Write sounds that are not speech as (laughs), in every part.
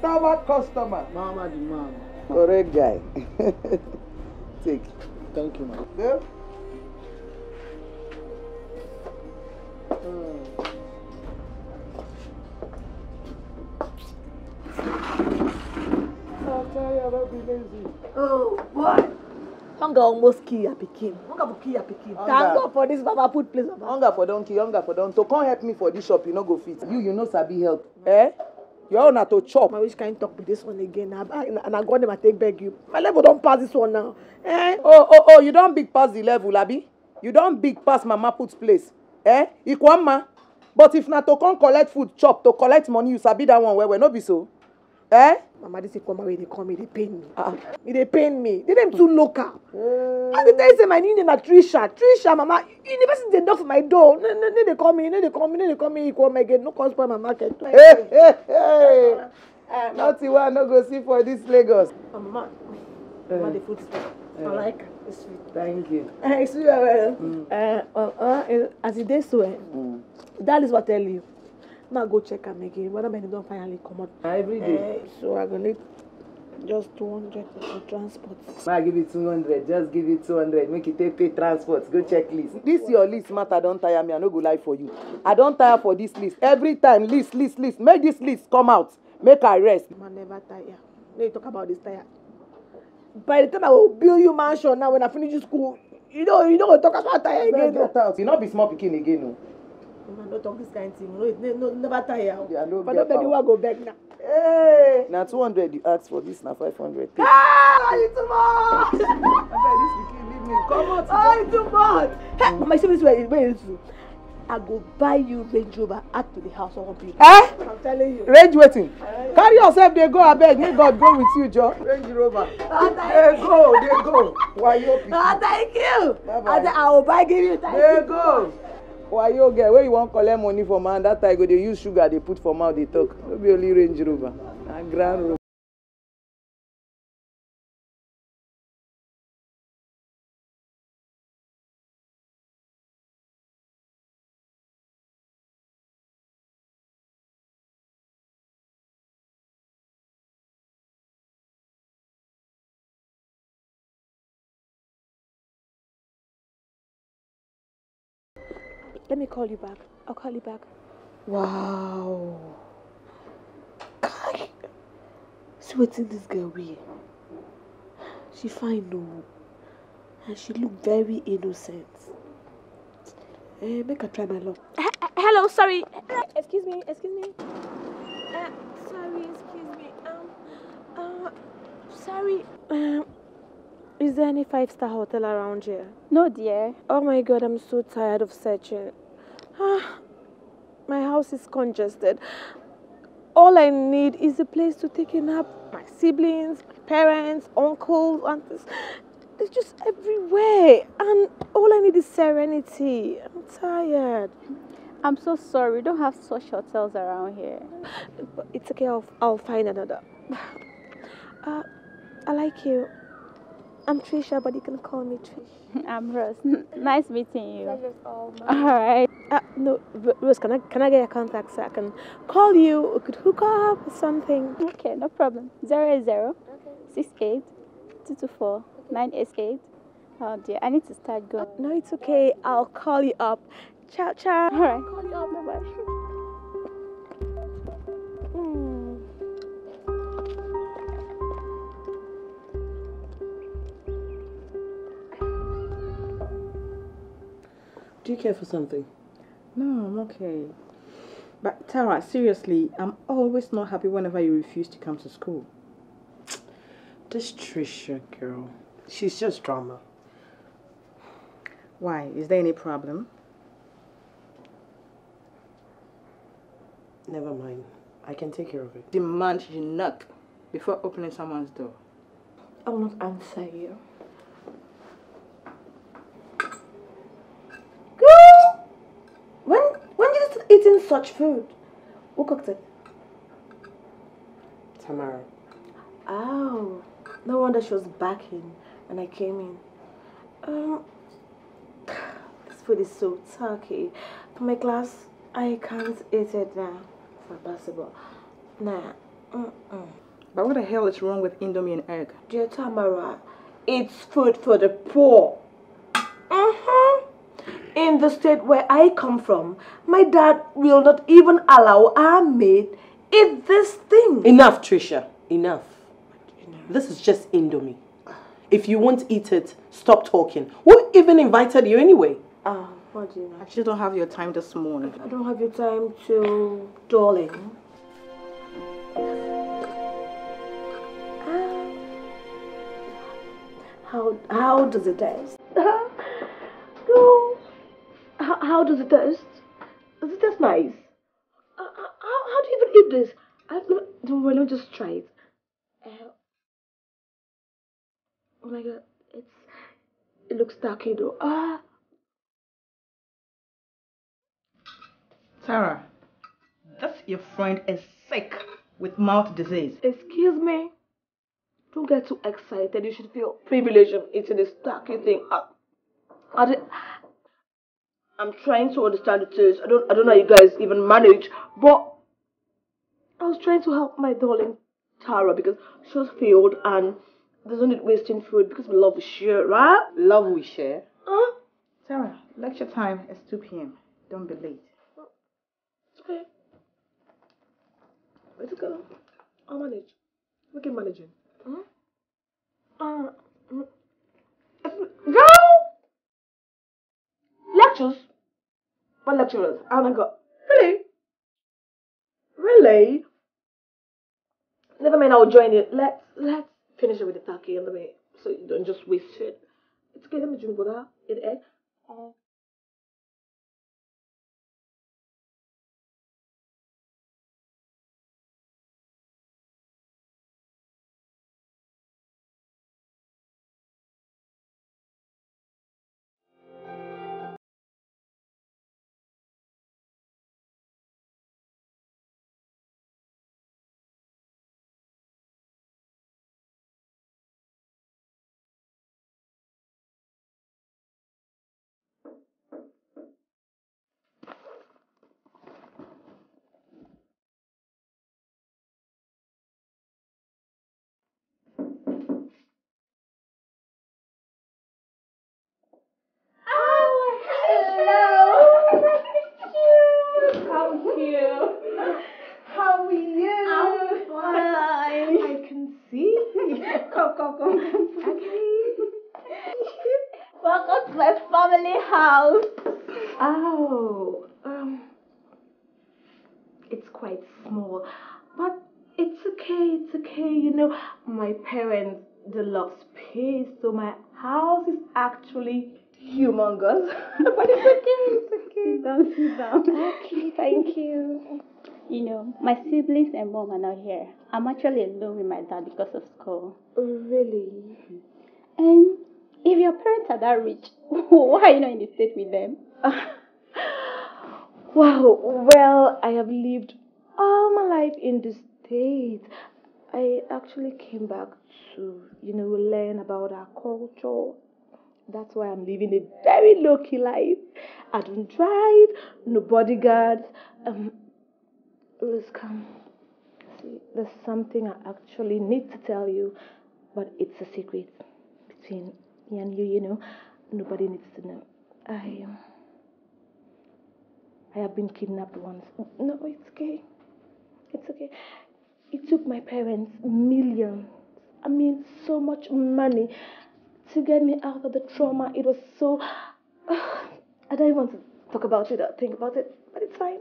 customer, customer. Mama the man. Correct guy. (laughs) Take. Thank you, ma'am. Yeah? Oh, boy. Hunger almost kill your pikin. Hunger will kill your pikin. God for this baba put place. Hunger for donkey, hunger for donkey. So come help me for this shop, you no go fit. You, you no sabi help. No. Eh? your own na to chop. my which kind talk be this one again na na na god name i take beg you my level don pass this one now. Eh? oh oh oh you don big pass the level abi you don big pass mama put place eh ikwamma but if na to come collect food chop to collect money you sabi that one well well no be so eh mama dis come wey they come e dey pain me e dey pain me They name too local i dey tell say my new name na trisha trisha mama university dey knock for my door no no no dey call me no dey call me no dey call me equal my gate no come for my market. Hey, hey, hey. Uh, nothing wey i no go see for this lagos. Oh, mama eh. mama dey put stuff i like am. Thank you. Uh, it's, well. mm. uh, uh, uh, as it is so, eh, mm. that is what I tell you now go check am again whether money don finally comot. na ah, every day. Eh, so i go need just two hundred for transport. ma give you two hundred just give you two hundred make you take pay transport go check list. this your list matter don tire me i no go lie for you i don tire for this list every time list list list make this list come out make i rest. ma never tire no you talk about this tire by the time i go build you mansion now when i finish school you no know, you no know, go talk about tire again. you no get out you no be small pikin again o. No mama no talk this kind thing no no never tire But for nobody wa go beg na. Hey. na two hundred you ask for this na five hundred. ah you too much. abeg (laughs) this pikin leave me comot. oh ah, you too much. hey mama you see this way wey you i go buy you range rover add to the house one bill. eh i'm telling you. range wetin. carry yourself dey go abeg may god go with you jo. range rover. dey ah, ah, go dey go wayo pikin. thank you. bye bye. i go buy give you. dey go. Why you girl Where you wan collect money from hand that time you go dey use sugar dey put for mouth dey talk no be only range rover na grand rover. Let me call you back. I'll call you back. Wow. God. See what's this girl wear. She fine no. And she look very innocent. Eh, make her try my luck. H hello, sorry. Excuse me, excuse me. Uh, sorry, excuse me. Um, uh, sorry. Um, is there any five star hotel around here? No, dear. Oh my god, I'm so tired of searching. Ah, my house is congested. All I need is a place to take a nap. My siblings, my parents, uncles, aunts. They're just everywhere. And all I need is serenity. I'm tired. I'm so sorry. We don't have such hotels around here. But it's okay. I'll, I'll find another. (sighs) Uh, I like you. I'm Trisha, but you can call me Trish. (laughs) I'm Rose. (laughs) nice meeting you. all right. Uh, no, Rose, can I can I get your contact so I can call you? We could hook up or something. Okay, no problem. Zero zero okay. six eight two two four Oh dear, I need to start going. Uh, no, it's okay. I'll call you up. Ciao, ciao. All right. I'll call you up. Bye bye. (laughs) Do you care for something? No, I'm okay. But Tara, seriously, I'm always not happy whenever you refuse to come to school. This Trisha girl, she's just drama. Why? Is there any problem? Never mind. I can take care of it. Demand you knock before opening someone's door. I will not answer you. such food? Who cooked it? Tamara. Oh, no wonder she was backing and I came in. Um, this food is so turkey. For my class, I can't eat it now. It's impossible. Nah. Mm -mm. But what the hell is wrong with indomie and egg? Dear Tamara, it's food for the poor. Uh-huh in the state where I come from, my dad will not even allow our maid eat this thing. Enough, Trisha. Enough. This is just Indomie. If you won't eat it, stop talking. Who even invited you anyway? Ah, uh, Regina. I actually don't have your time this morning. I don't have your time to, darling. Ah. How, how does it taste? How does it taste? Does it taste nice? Uh, uh how, how do you even eat this? I don't know. Don't worry, let me just try it. Uh, oh my god, it's it looks tacky though. Ah. Sarah, that's your friend is sick with mouth disease. Excuse me. Don't get too excited. You should feel privileged of eating this tacky thing. Uh, I, I'm trying to understand it is. I don't I don't know how you guys even manage, but I was trying to help my darling Tara because she was failed and there's not need wasting food because we love we share, right? Love we share. Huh? Tara, lecture time is two PM. Don't be late. It's okay. go. I'll manage. We can manage it. Huh? Hmm? Uh, mm, girl! Lectures? by lecturers. And I go, really? Really? Never mind, I'll join it. Let's let's finish it with the turkey and the meat. So you don't just waste it. It's okay, let me drink water, eat egg. Eh? family house. Oh, um, it's quite small, but it's okay, it's okay. You know, my parents they love space, so my house is actually humongous. (laughs) but it's okay, it's okay. Sit down, sit down. Okay, thank you. You know, my siblings and mom are not here. I'm actually alone with my dad because of school. Oh, really? And if your parents are that rich, (laughs) why are you not in the state with them? (laughs) wow, well, I have lived all my life in the state. I actually came back to, you know, learn about our culture. That's why I'm living a very lucky life. I don't drive, no bodyguards. Um, Let's come. See, there's something I actually need to tell you, but it's a secret between me and you, you know, nobody needs to know. I, um, I have been kidnapped once. No, it's okay. It's okay. It took my parents millions, I mean, so much money to get me out of the trauma. It was so. Uh, (sighs) I don't want to talk about it or think about it, but it's fine.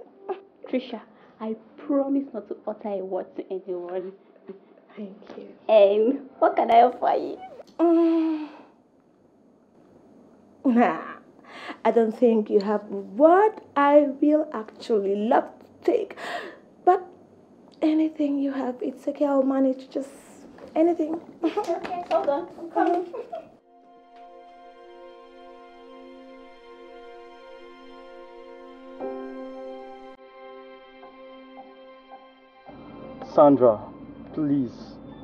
Trisha, I promise not to utter a word to anyone. Thank you. And what can I offer you? Mm. Nah, (laughs) I don't think you have what I will actually love to take. But anything you have, it's okay, I'll manage just anything. okay, hold on, I'm coming. Mm-hmm. Sandra, please,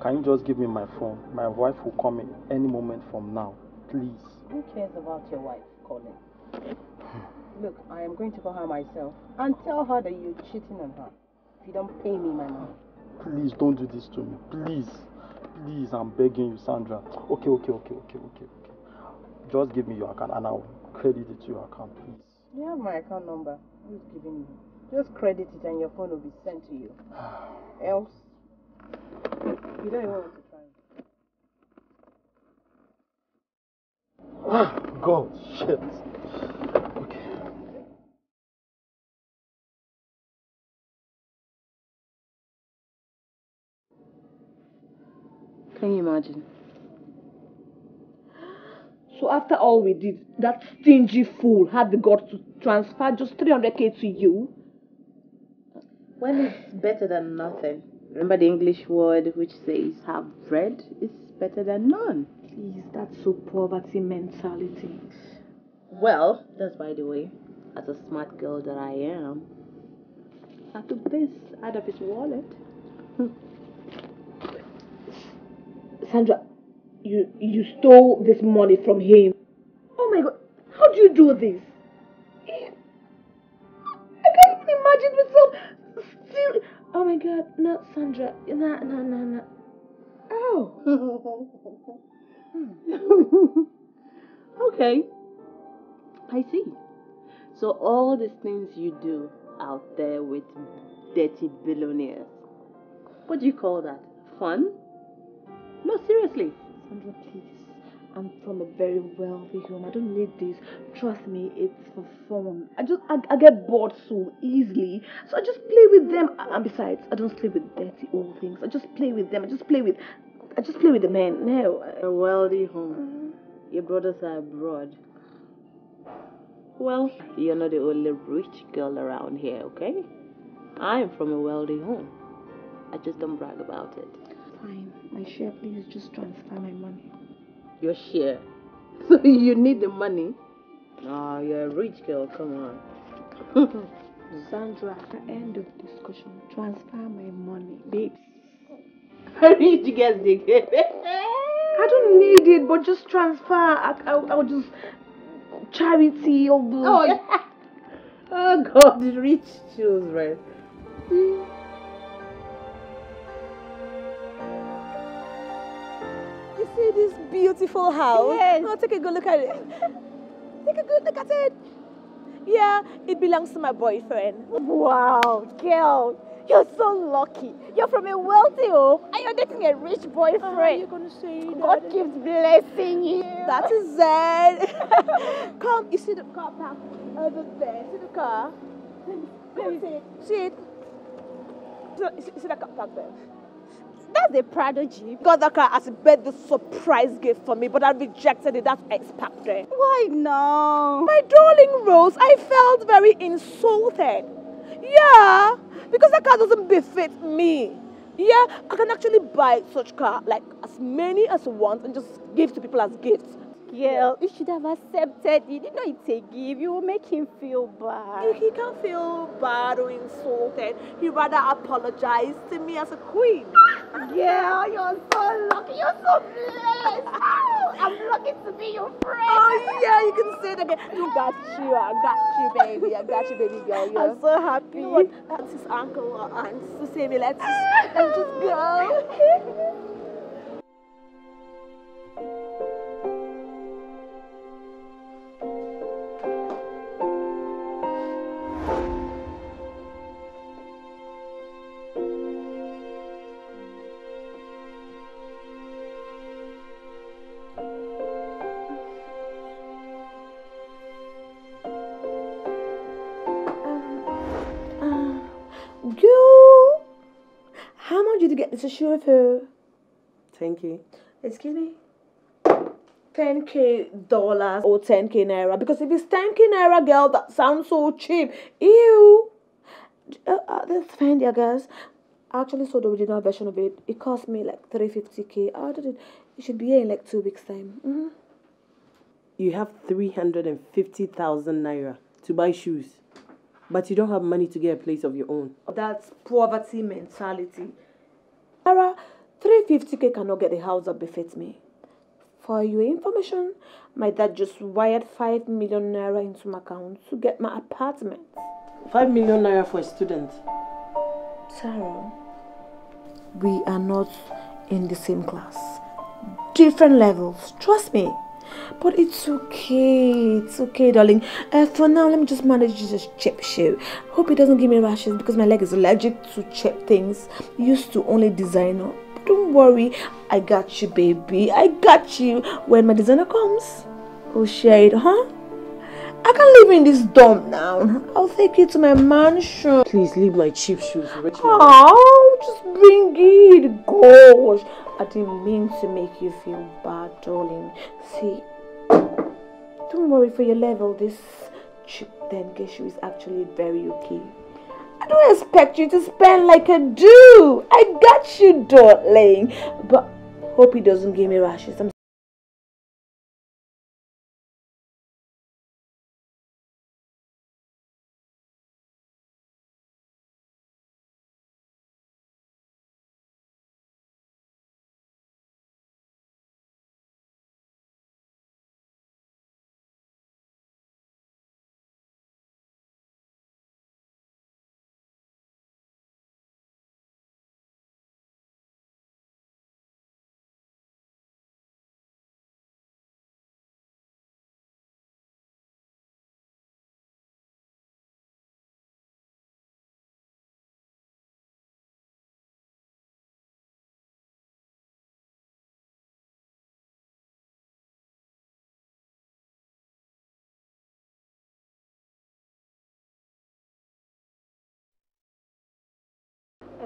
can you just give me my phone? My wife will come in any moment from now, please. Who cares about your wife, Colin? Look, I am going to call her myself and tell her that you're cheating on her. If you don't pay me my money. Please don't do this to me. Please. Please, I'm begging you, Sandra. Okay, okay, okay, okay, okay, okay. Just give me your account and I'll credit it to your account, please. You have my account number. Who's giving me? Just credit it and your phone will be sent to you. (sighs) Else, you don't even want to Ah, Go, shit. Okay. Can you imagine? So after all we did, that stingy fool had the guts to transfer just 300k to you. Well, it's better than nothing. Remember the English word which says have bread is better than none. Is that's so poverty mentality. Well, that's by the way, as a smart girl that I am, I took this out of his wallet. (laughs) Sandra, you you stole this money from him. Oh my god, how do you do this? I can't even imagine myself still. Oh my god, no, Sandra, no, no, no, no. (laughs) Oh. (laughs) (laughs) okay. I see. So all these things you do out there with dirty billionaires. What do you call that? Fun? No, seriously. Sandra, please. I'm from a very wealthy home. I don't need this. Trust me, it's for fun. I just I, I get bored so easily. So I just play with them. And besides, I don't sleep with dirty old things. I just play with them. I just play with I just play with the men. No. A uh, wealthy home. Your brothers are abroad. Well, you're not the only rich girl around here, okay? I'm from a wealthy home. I just don't brag about it. Fine. My share, please just transfer my money. Your share? (laughs) So you need the money? Ah, oh, you're a rich girl, come on. (laughs) Sandra, end of discussion. Transfer my money, babes. I need you guys dig I don't need it, but just transfer. I, I, I'll just charity all those. Oh, yeah. (laughs) oh God, the rich children. Hmm. You see this beautiful house? Yes. Oh, take a good look at it. take a good look at it. Yeah, it belongs to my boyfriend. Wow, girl. You're so lucky. You're from a wealthy home and you're dating a rich boyfriend. How are you going to say that? God keeps blessing you. That is it. (laughs) come, you see the car park over uh, there. See the car? Let me see it. See it? See, see that car park there? That's a Prado Jeep. Got that car as a birthday surprise gift for me, but I rejected it. That's expected. Why no? My darling Rose, I felt very insulted. Yeah, because that car doesn't befit me. Yeah, I can actually buy such car, like as many as I want and just give to people as gifts girl. You should have accepted it. You know it's a give. You will make him feel bad. He can't feel bad or insulted. He rather apologize to me as a queen. Yeah, you're so lucky. You're so blessed. Oh, I'm lucky to be your friend. Oh yeah, you can say it Again. You got you. I got you, baby. I got you, baby girl. I'm so happy. You want aunt's uncle or aunt to say me? Let's just, let's just go. her. Thank you. Excuse me? 10k dollars or 10k naira because if it's 10k naira girl that sounds so cheap ew uh, uh, that's fine dear guys I actually saw the original version of it it cost me like 350k I ordered it it should be here in like two weeks time mm -hmm. you have 350,000 naira to buy shoes but you don't have money to get a place of your own that's poverty mentality Sarah, 350k cannot get a house that befits me. For your information, my dad just wired 5 million naira into my account to get my apartment. 5 million naira for a student? Sarah, we are not in the same class. Different levels, trust me. But it's okay. It's okay, darling. Uh, for now, let me just manage this chip shoe. Hope it doesn't give me rashes because my leg is allergic to chip things. Used to only designer. But don't worry. I got you, baby. I got you. When my designer comes, we'll share it, huh? I can't live in this dump now. I'll take you to my mansion. Please leave my cheap shoes. Richmond. Oh, just bring it. Gosh. I didn't mean to make you feel bad, darling. See, don't worry for your level. This chip then Geshu is actually very okay. I don't expect you to spend like I do. I got you, darling. But hope he doesn't give me rashes. I'm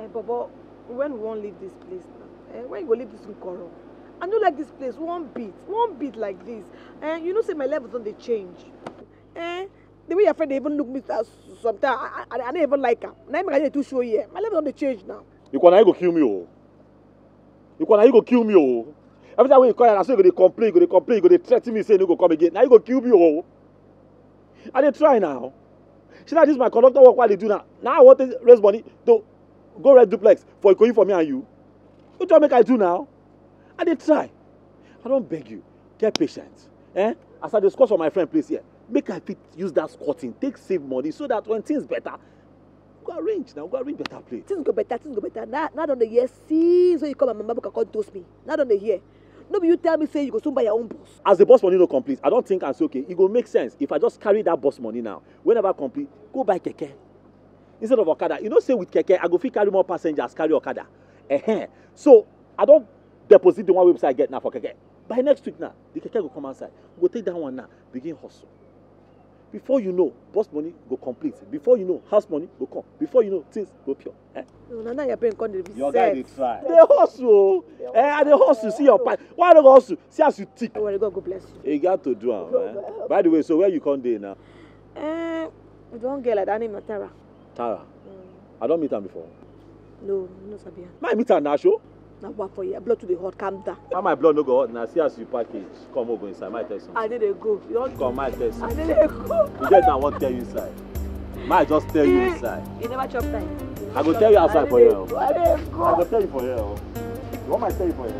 eh, Bobo, when we won't leave this place now? Eh, when you go leave this Nkoro? I don't like this place. One beat, one beat like this. Eh, you know, say my levels don't change. Eh, the way your friend they even look me sometimes, I, I, I don't even like her. Now I'm going to show you. My levels don't change now. You can go kill me, oh. You can go kill me, oh. Every time when you call, I say you go to complain, you go to complain, you go to threaten me, say you no go come again. Now you go kill me, oh. I dey try now. See now this is my conductor work what they do now. Now I want to raise money to go rent duplex for ikoyi for me and you which you make i do now i dey try i don't beg you get patient eh as i discuss squat for my friend please here make i fit use that squatting take save money so that when things better go arrange now go arrange better place. things go better things go better na na on the year. since when you call my mama book come toast me na on the year. no be you tell me say you go soon buy your own boss. as the boss money no complete i don't think I say okay It e go make sense if i just carry that boss money now whenever complete go buy keke instead of okada you know say with keke i go fit carry more passengers carry okada uh so i don deposit the one website i get now for keke by next week now the keke go come outside we go take that one now begin hustle before you know bus money go complete before you know house money go come before you know things go pure. Eh? no na your brain come dey be set. your guy dey try. dey hustle o eh, i dey hustle see your pipe why i no go hustle see as you thick. I worry god go bless you. you gats to do am eh? (laughs) by the way so where you come dey now. Eh, we don get like that name na terra. Tara. Mm. I don't meet her before. No, no Sabia. My meet her now, show. na wa for your blood to the hot calm down. how my blood no go hot na see as you package come over inside my test something. i need a go. you don come my test i need a go. you get na wan tell you inside my just tell you inside. you never chop time. i go tell you outside for you. i no dey go. i go tell you for here you wan my tell you for you?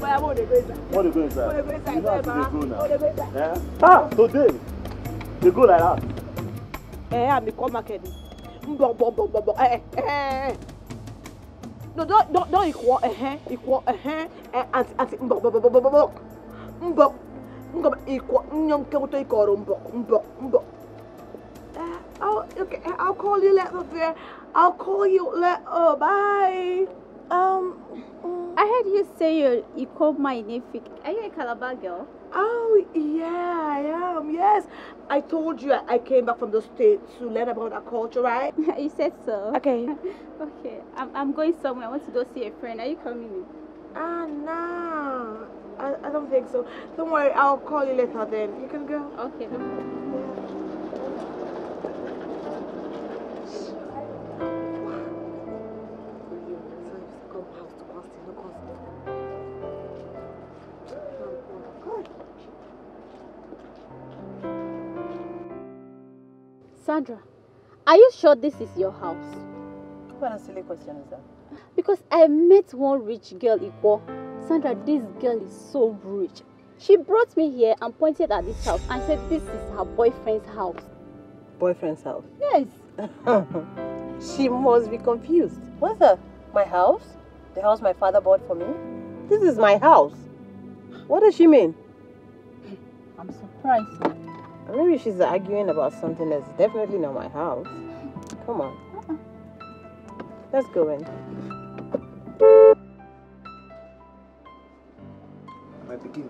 boya mo dey go inside. mo dey go inside. mo dey go inside. you know as you dey go now. mo eh? ah today you go like that. Eh, I'm the call market No, don't, don't, don't equal, uh-huh, equal, uh-huh, and, and, mbok, mbok, mbok, mbok, mbok, mbok, equal, nyom, kewto, ikoro, mbok, mbok, mbok. I'll, okay, I'll call you later, dear. I'll call you later, bye. Um, mm. I heard you say you, you called my nephew. Are you a Calabar girl? Oh, yeah, I am. Yes. I told you I, came back from the States to learn about our culture, right? (laughs) you said so. Okay. (laughs) okay. I'm, I'm going somewhere. I want to go see a friend. Are you coming in? Ah, no. I, I don't think so. Don't worry. I'll call you later then. You can go. Okay. Sandra, are you sure this is your house? What a silly question is that? Because I met one rich girl equal. Sandra, this girl is so rich. She brought me here and pointed at this house and said this is her boyfriend's house. Boyfriend's house? Yes. (laughs) she must be confused. What's that? My house? The house my father bought for me? This is my house. What does she mean? I'm surprised. Maybe she's arguing about something that's definitely not my house. Come on. Let's go in. My pikin,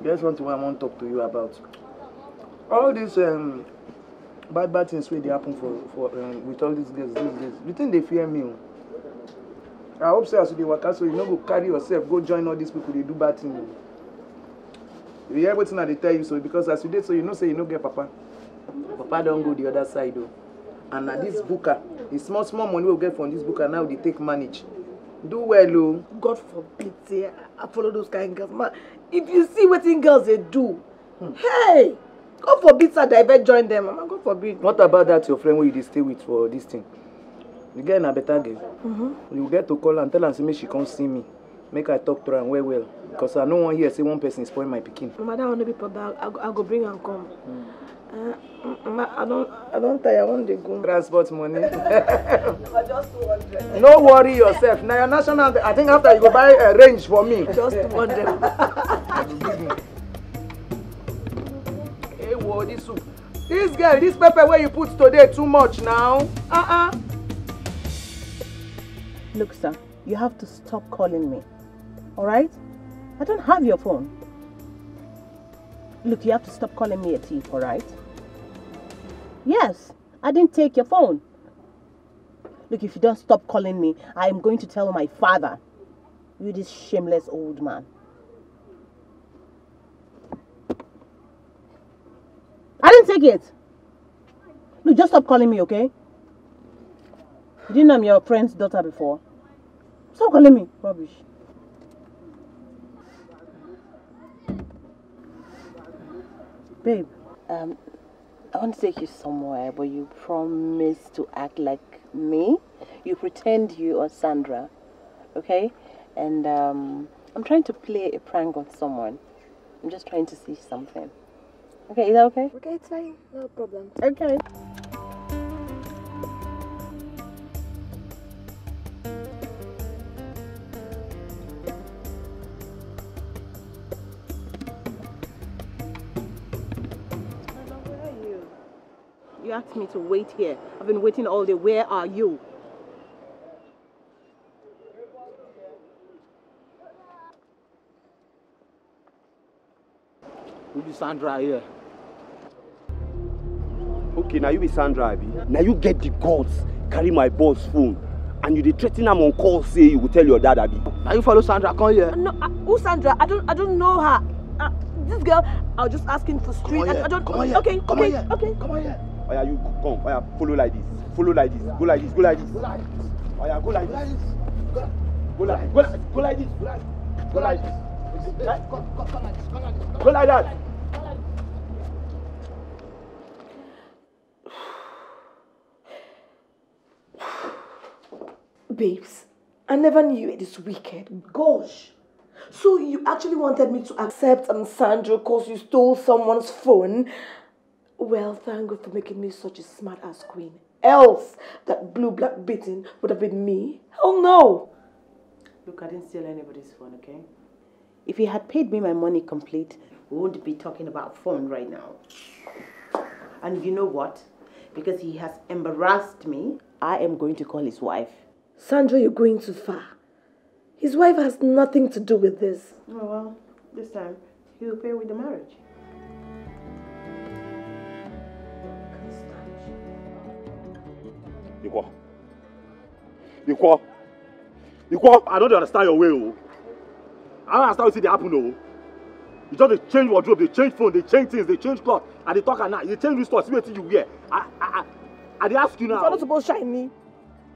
there's one thing I want to talk to you about. All these um, bad bad things where they happen for for um, with all these guys these days, you think they fear me oh? I hope say as you dey waka so you don't go carry yourself go join all these people They do bad things oh you hear wetin i tell you so because as you did, so you know say you no get papa papa don't go the other side o oh. and na this booker, the small small money we get from this booker now they take manage do well o. Oh. god forbid say i follow those kind girls man. if you see what wetin girls they do hmm. hey god forbid sir. i divert join them mama god forbid. what about that your friend wey you stay with for this thing the girl na better girl mm -hmm. you get to call and tell and say make she can't see me make i talk to am well well because i no wan here. say one person spoil my pikin My mother one no be back. i go bring and come mama uh, i don tire i want the go transport money (laughs) Just no worry yourself Now your national i think after you go buy a range for me just 200 hey wo this soup this girl this pepper where you put today too much now uh-uh look sir you have to stop calling me All right? I don't have your phone. Look, you have to stop calling me a thief, all right? Yes, I didn't take your phone. Look, if you don't stop calling me, I am going to tell my father. You this shameless old man. I didn't take it. Look, just stop calling me, okay? You didn't know I'm your friend's daughter before. Stop calling me. Rubbish. Babe, um, I want to take you somewhere, but you promise to act like me. You pretend you are Sandra, okay? And um, I'm trying to play a prank on someone. I'm just trying to see something. Okay, is that okay? Okay, it's fine. No problem. Okay. You asked me to wait here. I've been waiting all day. Where are you? Who be Sandra here? Okay, now you be Sandra, Abi. Now you get the guts, carry my boss phone, and you be threatening him on call say you will tell your dad, Abi. Now you follow Sandra, come here. No, I, uh, who Sandra? I don't, I don't know her. Uh, this girl, I was just asking for street. Come on here. I, I don't. Come on here. Okay, come okay, on here. okay. Come on here. Oya, you come. Oya, follow like this. Follow like this. Go like this. Go like this. Oya, go like this. Go like this. Go like this. Go like this. Go like this. Go like that. Babes, I never knew it is wicked. Gosh. So you actually wanted me to accept Sandro because you stole someone's phone Well, thank God for making me such a smart ass queen. Else, that blue black beating would have been me. Hell no! Look, I didn't steal anybody's phone, okay? If he had paid me my money complete, we wouldn't be talking about phone right now. And you know what? Because he has embarrassed me, I am going to call his wife. Sandra, you're going too far. His wife has nothing to do with this. Oh, well, this time he'll pay with the marriage. Ikwo. Ikwo. Ikwo, I don't understand your way, oh. I don't understand wetin they happen, oh. You just dey change wardrobe, they change phone, they change things, they change cloth. and they talk and now. You change this cloth, see what you wear. I I I they ask you now. You're not supposed to shine me.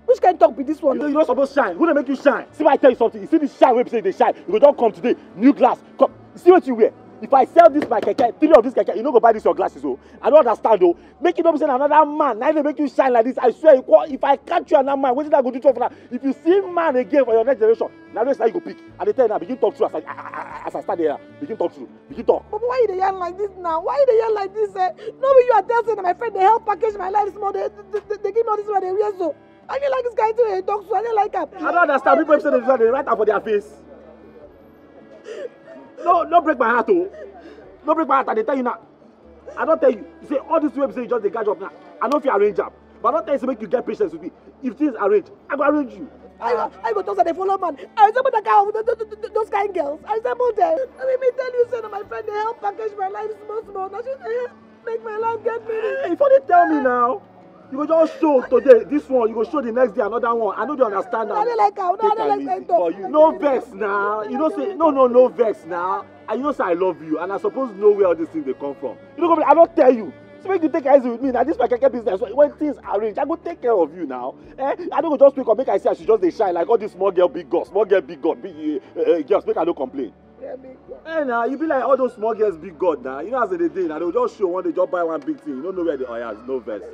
Which kind talk be this one? You're not supposed to shine. Who gonna make you shine? See, I tell you something. You see this shine Where people say they shine. You go don't come today, new glass. Come. See what you wear if i sell this my keke three of this keke you no go buy this your glasses o i no understand o make you no be say na another man na dey make you shine like this i swear you if i catch you and that man wetin i go do to you for now if you see man again for your next generation na race time you go pick i dey tell you now begin talk true as i as i start there begin talk true begin talk. papa why you dey yarn like this now why you dey yarn like this eh no be you i tell say na my friend dey help package my life small dey dey give me all this one i dey so i dey like this guy too dey eh? talk so i dey like am. i no understand people wey say dey dey write am for their face no no break my heart oh! no break my heart i they tell you now i don't tell you You say all this wey be say you just dey catch up now i know no fit arrange am but i don't tell you to make you get patience with me if things arrange i go arrange you. I go, I go talk to the follow man. I resemble the guy of those, those, those kind girls. I resemble them. Let me tell you, say, my friend, they help package my life small, small. Now she make my life get better. If only tell me now you go just show today this one you go show the next day another one i no dey understand am like take am easy for you no vex na you know say no no no vex na and you know say i love you and i suppose know where all these things dey come from you no go be i no tell you so make you take care easy with me na this my keke business when things arrange i go take care of you now eh i no go just wake up make i see as you just dey shine like all these small girl big girl small girl big girl big uh, uh, girls make i no complain. Eh? hey, now you be like all those small girls big god now you know as they dey now they go just show one day just buy one big thing you no know where the oil. is no vex.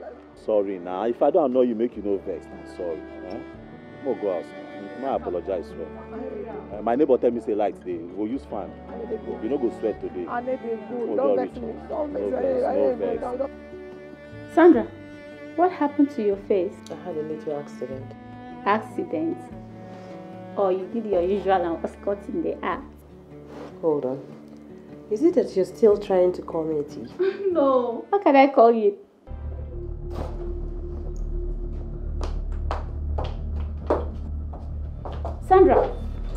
sorry now. If I don't know you, make you no vex. I'm sorry. Eh? More go house. I apologize for? Uh, my neighbor tell me say light today. Go use fan. You no go sweat today. don't vex me. Don't vex. No vex. No vex. Sandra, what happened to your face? I had a little accident. Accident? Or you did your usual and was caught in the act? Hold on. Is it that you're still trying to call me a T? (laughs) no. How can I call you Sandra,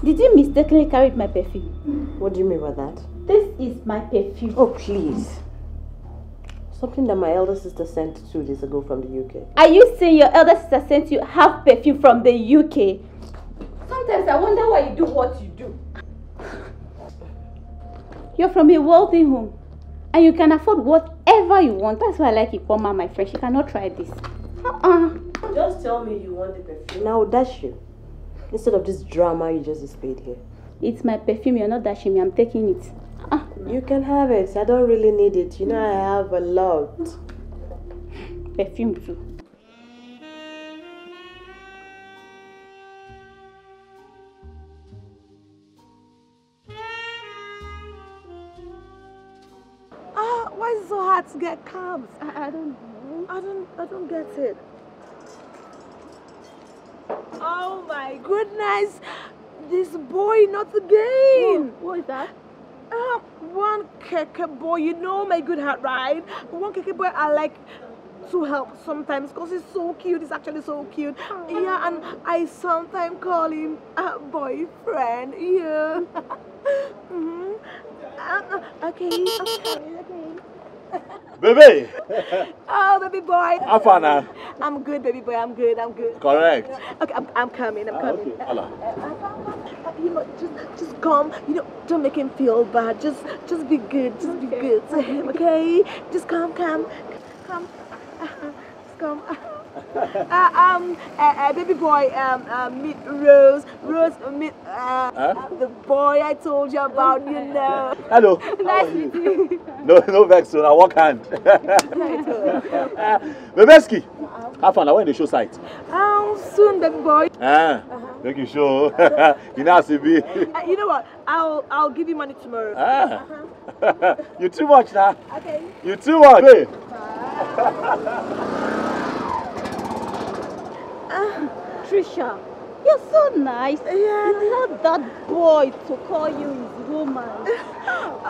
did you mistakenly carry my perfume? What do you mean by that? This is my perfume. Oh, please. Something that my elder sister sent two days ago from the UK. Are you saying your elder sister sent you half perfume from the UK? Sometimes I wonder why you do what you do. You're from a wealthy home and you can afford what whatever you want. That's why I like Ipoma, my friend. She cannot try this. Uh-uh. Just tell me you want the perfume. Now dash you. Instead of this drama you just displayed here. It's my perfume. You're not dashing me. I'm taking it. Uh. You can have it. I don't really need it. You know I have a lot. Perfume too. Why is it so hard to get cabs? I, I don't know. I don't, I don't get it. Oh my goodness! This boy, not again! Whoa, what is that? Uh, one keke boy, you know my good heart, right? One keke boy I like to help sometimes because he's so cute, he's actually so cute. Oh. Yeah, and I sometimes call him a boyfriend, yeah. (laughs) mm -hmm. uh, okay, okay. Baby! Oh, baby boy. How far now? I'm good, baby boy. I'm good. I'm good. Correct. Okay, I'm, I'm coming. I'm ah, coming. Okay. Hello. You know, just just come. You know, don't make him feel bad. Just just be good. Just okay. be good to him. Okay? Just come, come, come, (laughs) just come uh, um, uh, uh, baby boy, um, uh, meet Rose. Rose, uh, meet uh, huh? the boy I told you about, you know. Hello. nice to you. (laughs) No, no vex, I walk hand. (laughs) Bebeski, have fun. I went to show site. Um, soon, baby boy. Ah, -huh. thank you, show. (laughs) you know, be. you know what? I'll I'll give you money tomorrow. Ah. -huh. you too much now. Okay. You too much. Hey. Uh, Trisha, you're so nice. Yeah. You tell that boy to call you his woman. (laughs)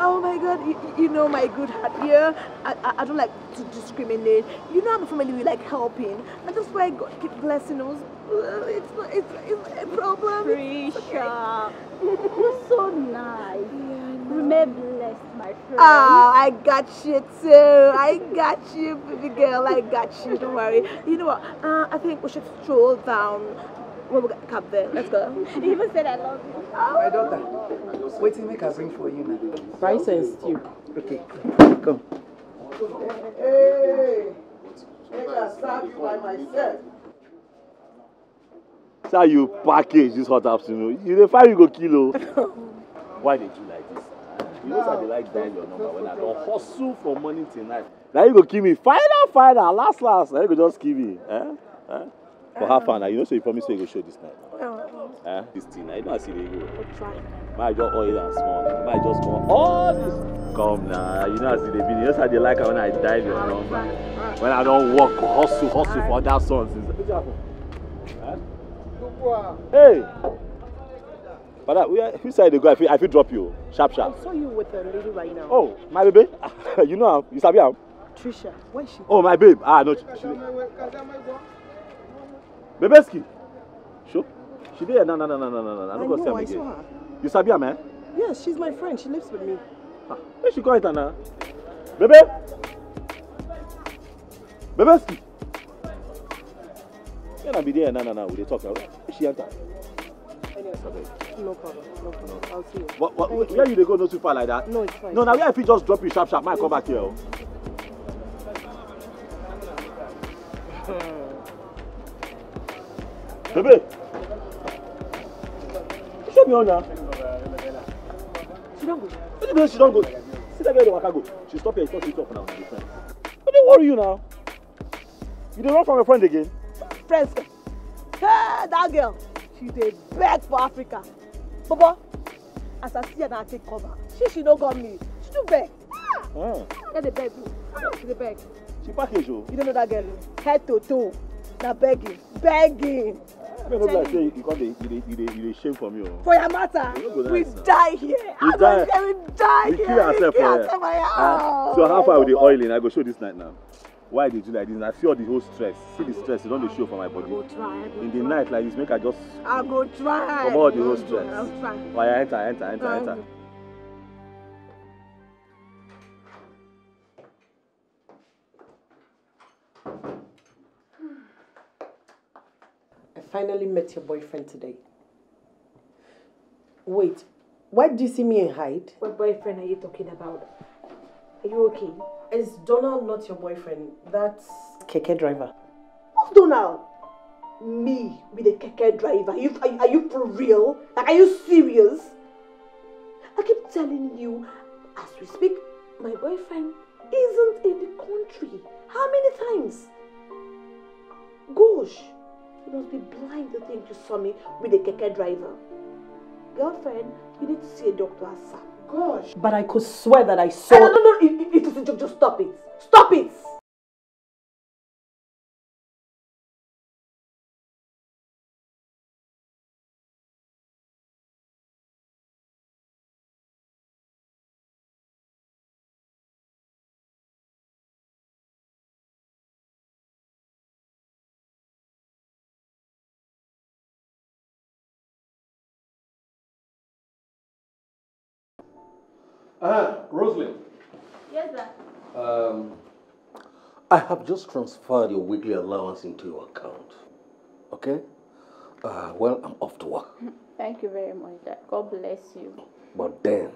oh my God, you, you, know my good heart. Yeah, I, I, I, don't like to discriminate. You know I'm a family we like helping. And that's why God keep blessing us. It's it's, it's a problem. Risha, okay. (laughs) you're so nice. Yeah, Remember blessed, my friend. Oh, I got you too. I got you, baby girl. I got you. Don't worry. You know what? Uh, I think we should stroll down. Well, we'll get there. Let's go. he (laughs) even said I love you. Oh. My daughter, wait till make I ring for you now. Rice and stew. Okay, come. Hey, I hey. I you by myself. Sha you package this hot afternoon. You dey find you go kill o. (laughs) Why dey do like this? You know say I dey like dial your number when I don hustle from morning till night. Na you go kill me final final last last na you go just kill me. Eh? Eh? For half an hour, you know say you promise me you go show this night. Eh? This thing na you know I see dey go. May I just oil and small. May I just come all this. Come na you know as e dey be. You know say I dey like am when I dial your number. When I don work hustle hustle for that sun since. Hey! But uh, where, which side they go? I feel, I feel drop you. Sharp, sharp. I saw you with a lady right now. Oh, my baby. (laughs) you know You sabi her. Trisha, where is she? Oh, my babe. Ah, no. She, she, Bebeski. Sure. She there. No, no, no, no, no, no. no. I don't go I saw her. You sabi her, man? Yes, she's my friend. She lives with me. Ah, where she go enter now? Bebe. Bebeski. When I be there, no, no, no, we dey talk. She enter. No problem, no problem. I'll see you. What, what, where you dey go no too far like that? No, it's fine. No, now where if fit just drop you sharp sharp, my come back here. Oh. (laughs) Bebe! You show me now. She don go. What do you mean she don't go? See that girl dey waka go. She stop here, she Stop. to you talk now. But don't worry you now. You dey run from your friend again friends dem hey dat girl she dey beg for africa bobo as i see her i take cover she she no got me she too beg ah hmm. the beg me she dey beg. she package o. you don't know that girl head to toe now begging begging. make no like you come dey you dey you dey you shame from you. for your matter we die here we die we die here we kill eh? ourselves for here ah. so how far we dey oiling i go show this night now why i dey do like this I feel all the whole stress see the stress e don dey show for my body Go try, in the try. night like this make i just i go try comot all the whole stress I'll waya oh, enter enter enter I enter. Go. I finally met your boyfriend today. Wait, why do you see me in hide? What boyfriend are you talking about? Are you okay? Is Donald not your boyfriend? That's... Keke driver. Who's Donald? Me with a keke driver? Are you, are, are you for real? Like, are you serious? I keep telling you, as we speak, my boyfriend isn't in the country. How many times? Gosh, you must be blind to think you saw me with a keke driver. Girlfriend, you need to see a doctor ASAP gosh. But I could swear that I saw... No, no, no, it, it, it, just stop it. Stop it. Uh, ah, Rosalind. Yes, sir. Um, I have just transferred your weekly allowance into your account. Okay? Uh, well, I'm off to work. (laughs) Thank you very much, Dad. God bless you. But then,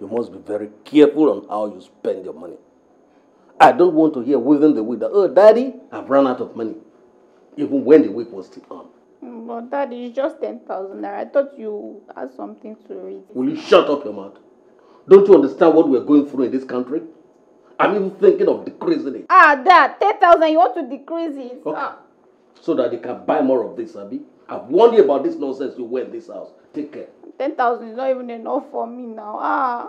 you must be very careful on how you spend your money. I don't want to hear within the week that, oh, Daddy, I've run out of money, even when the week was still on. Mm, but Daddy, it's just 10,000 I thought you had something to read. Will you shut up your mouth? Don't you understand what we're going through in this country? I'm even thinking of decreasing it. Ah, Dad, 10,000, you want to decrease it? Okay. Ah. So that you can buy more of this, Abby. I've warned you about this nonsense you wear in this house. Take care. 10,000 is not even enough for me now. Ah.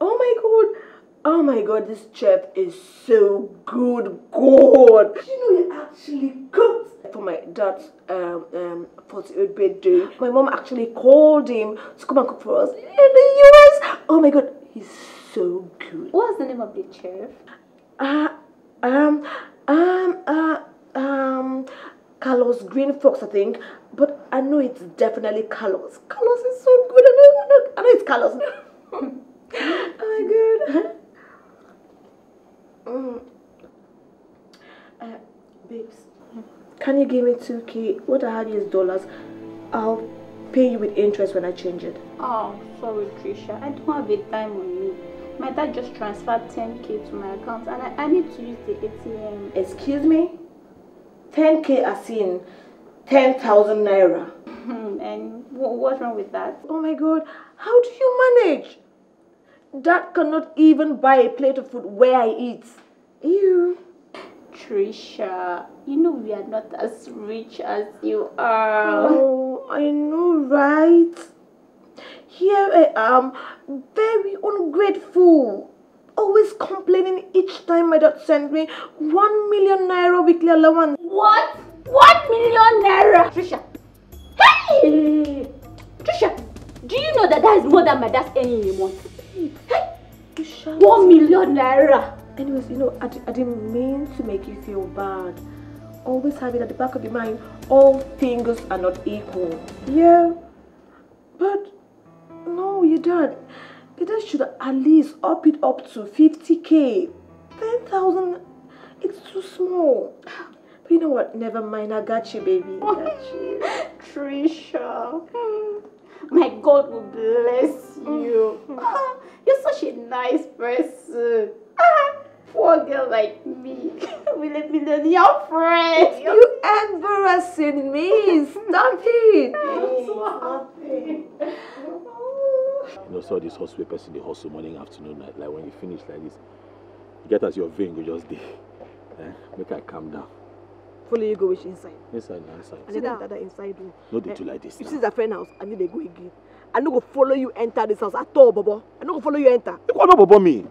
Oh my god, oh my god, this chef is so good, God. You know, he actually cooked for my dad's um, um, 48th birthday. My mom actually called him to come and cook for us in the US. Oh my god, he's so good. What's the name of the chef? Uh, um, um, uh, um, Carlos Green Fox, I think. But I know it's definitely Carlos. Carlos is so good. I know, I know, I know it's Carlos. (laughs) (laughs) oh my god. (laughs) Mm. Uh, babes, can you give me 2k? What I had is dollars. I'll pay you with interest when I change it. Oh, sorry, Trisha. I don't have a dime on me. My dad just transferred 10k to my account and I, I need to use the ATM. Excuse me? 10k as in 10,000 naira. Hmm, and what's wrong with that? Oh my god, how do you manage? Dad cannot even buy a plate of food where I eat. Ew. Trisha, you know we are not as rich as you are. Oh, I know, right? Here I am, very ungrateful. Always complaining each time my dad sends me one million naira weekly allowance. What? One million naira? Trisha. Hey! Trisha, do you know that that is more than my dad's earning a month? it. Hey! You shall One million naira! Anyways, you know, I, I didn't mean to make you feel bad. Always have it at the back of your mind, all things are not equal. Yeah, but no, you don't. The dad should at least up it up to 50k. 10,000, it's too small. But you know what? Never mind, I got you, baby. I got you. (laughs) Trisha. Hmm. My God will bless mm. you. Ah, you're such a nice person. Ah, poor girl like me me learn your friend. You embarrassing me. Stop (laughs) it. I'm so happy. You know, saw this hustle person, the hustle morning, afternoon, night. Like when you finish like this, you get as your vein, you just day. Eh? Make I calm down. follow you go which inside. Inside, inside. I didn't enter inside room. No they eh, do like this. If this is a friend house, I need to go again. I no go follow you enter this house at all, Bobo. I no go follow you enter. You go no Bobo me.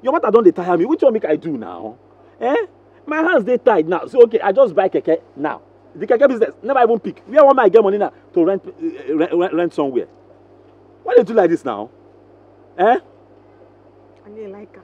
Your mother don't dey tire me. Which one make I do now? Eh? My hands they tied now. So okay, I just buy keke now. The keke business never even pick. Where wan I get money now to rent uh, rent, rent somewhere? Why they do like this now? Eh? I no like am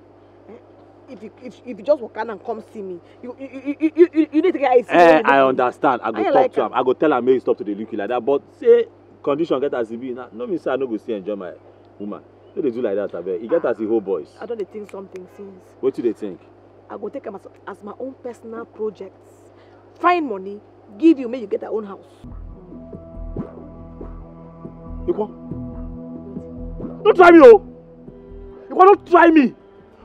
if you if, if you just walk in and come see me you you you you, you, need to get eyes. Eh, i understand i go talk like to am i go tell him make he stop to the look like that but say condition get as e be now no mean say i no go still enjoy my woman no they do like that abeg He get as the whole boys. i don't dey think something since. What do they think. i go take am as, as my own personal projects. find money give you make you get your own house. You ikwo Don't try me o ikwo no try me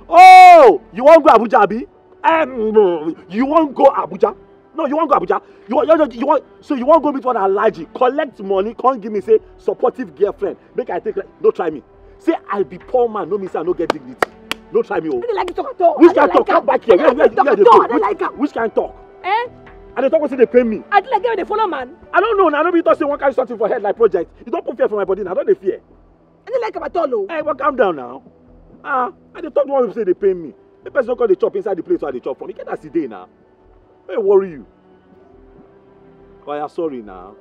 oh you wan go abuja abi um, you wan go abuja no you wan go abuja you wan you, you wan so you wan go meet one alhaji collect money come give me say supportive girlfriend make i take like no try me say i be poor man no mean say i no get dignity no try me o. Oh. i dey like talk talk. which kind talk come back here where where where dey go which which kind talk. Eh? i dey talk wetin dey pain me. i dey like get wey dey follow man. i don't know na i no be talk say one carry something for head like project you don put fear for my body na i don dey fear. i dey like am at all o. Oh. eh well calm down now ah i the talk to one people say they pay me The person no the chop inside the place where i chop from You get that e now? na worry you oya oh, sorry now.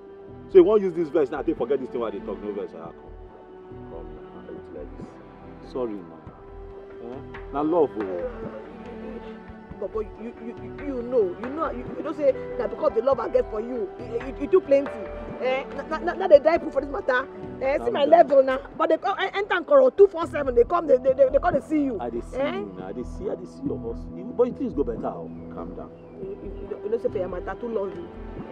so you won't use this verse now They forget this thing while they talk no verse oya ah, come come na how like this sorry eh? now. eh? na love o. Oh. bobo you you you know you know you, you know say that because the love i get for you e e too plenty eh, na, na, na dey die proof for this matter eh, see my level now but they come eh, enter nkoro two four seven they come they they they, they come they see you. i dey see eh? you na i see i dey see your hustle but things go better o oh. calm down. you you, you know say payamata too love eh? you.